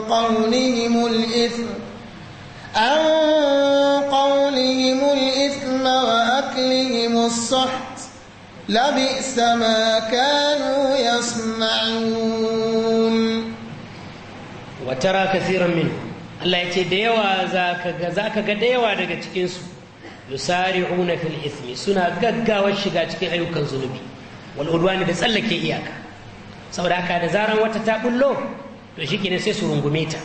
قولهم الإثم عن قولهم الإثم وأكلهم السحت لبئس ما كانوا يصنعون وترى كثيرا منهم Allah ya ce da yawa za ka ga da yawa daga cikinsu yusari'una fil ismi suna gaggawar shiga cikin ayyukan zunubi wal udwani da tsallake iyaka saboda haka da zaran wata ta bullo to shikenan sai su rungume ta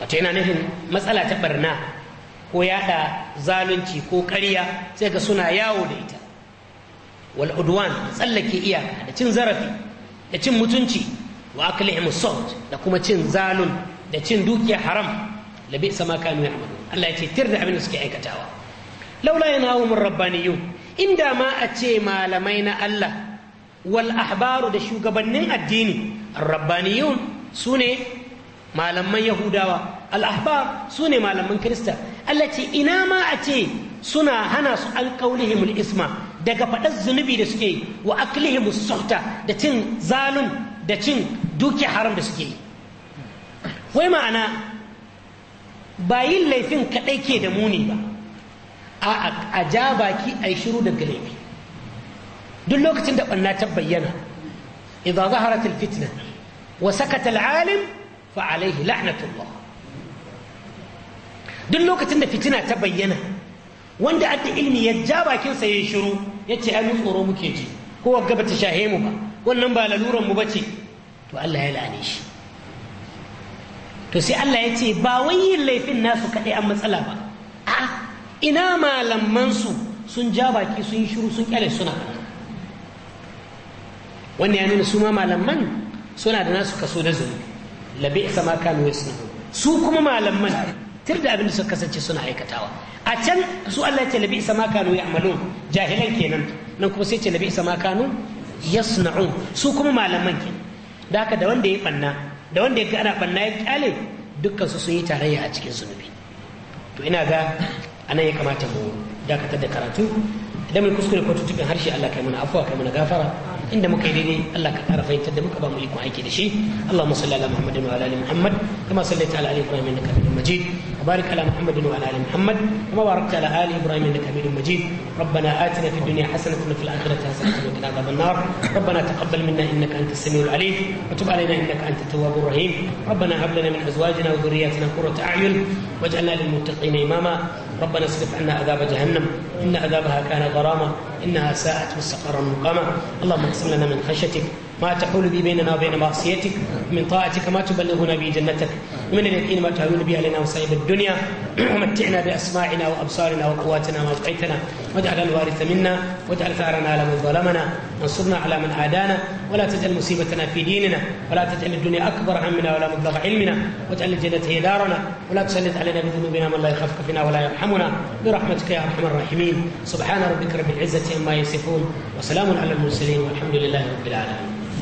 wato yana nufin matsala ta barna ko yada zalunci ko ƙarya sai ga suna yawo da ita wal udwan tsallake iyaka da cin zarafi da cin mutunci wa aklihim sawt da kuma cin zalun da cin dukiya haram da bi sama kanu amadu Allah ya ce tirda abin da suke aikatawa laula yanhahum rabbaniyun inda ma a ce malamai na Allah wal ahbaru da shugabannin addini rabbaniyun ne malaman yahudawa al ahbar sune malaman kirista Allah ce ina ma a ce suna hana su an kaulihimul isma daga faɗar zunubi da suke wa aklihimus suhta da cin zalun da cin dukiya haram da suke yi wai ma'ana ba yin laifin kaɗai ke da muni ba a ja baki a yi shiru daga laifi duk lokacin da ɓanna ta bayyana idan harata fitna wa sakata al'alim fa alaihi la'natullah duk lokacin da fitina ta bayyana wanda adda ilmi ya ja bakinsa ya yi shiru ya ce ai tsoro muke ji ko wagga bata shahe mu ba wannan ba laluran mu ce to Allah ya la'ane shi to sai Allah ya ce ba wai yin laifin nasu kaɗai an matsala ba a ina malamansu sun ja baki sun yi shiru sun kyale suna wannan ya nuna su ma malaman suna da nasu kaso da zunubi labe isa ma kanu ya su kuma malaman tir da abin da suka kasance suna aikatawa a can su Allah ya ce labe isa ma kanu ya amalun jahilan kenan nan kuma sai ce labe isa ma kanu yasna'un su kuma malaman kenan da haka da wanda ya banna da wanda ya ga ana banna ya kyale dukkan su sun yi tarayya a cikin zunubi to ina ga anan ya kamata mu dakatar da karatu idan mun kuskure ko harshe Allah kai mana afuwa kai mana gafara inda muka yi daidai Allah ka ƙara fahimtar da muka ba mu iko aiki da shi Allahumma salli ala Muhammadin wa ala ali Muhammad kama sallaita ala ali Ibrahim innaka Hamidum Majid wa barik ala Muhammadin wa ala ali Muhammad kama barakta ala ali Ibrahim innaka Hamidum Majid ربنا آتنا في الدنيا حسنة وفي الآخرة حسنة وقنا عذاب النار ربنا تقبل منا إنك أنت السميع العليم وتب علينا إنك أنت التواب الرحيم ربنا هب لنا من أزواجنا وذرياتنا قرة أعين واجعلنا للمتقين إماما ربنا اصرف عنا عذاب جهنم إن عذابها كان غراما إنها ساءت مستقرا مقاما اللهم اقسم لنا من خشيتك ما تحول بي بيننا وبين معصيتك من طاعتك ما تبلغنا به جنتك من اليقين ما تهون به علينا وسائل الدنيا [clears throat] ومتعنا باسماعنا وابصارنا وقواتنا ما ابقيتنا واجعل الوارث منا واجعل ثارنا على من ظلمنا وانصرنا على من عادانا ولا تجعل مصيبتنا في ديننا ولا تجعل الدنيا اكبر همنا ولا مبلغ علمنا واجعل الجنه هي دارنا ولا تسلط علينا بذنوبنا من لا يخفف فينا ولا يرحمنا برحمتك يا ارحم الراحمين سبحان ربك رب العزه عما يصفون وسلام على المرسلين والحمد لله رب العالمين.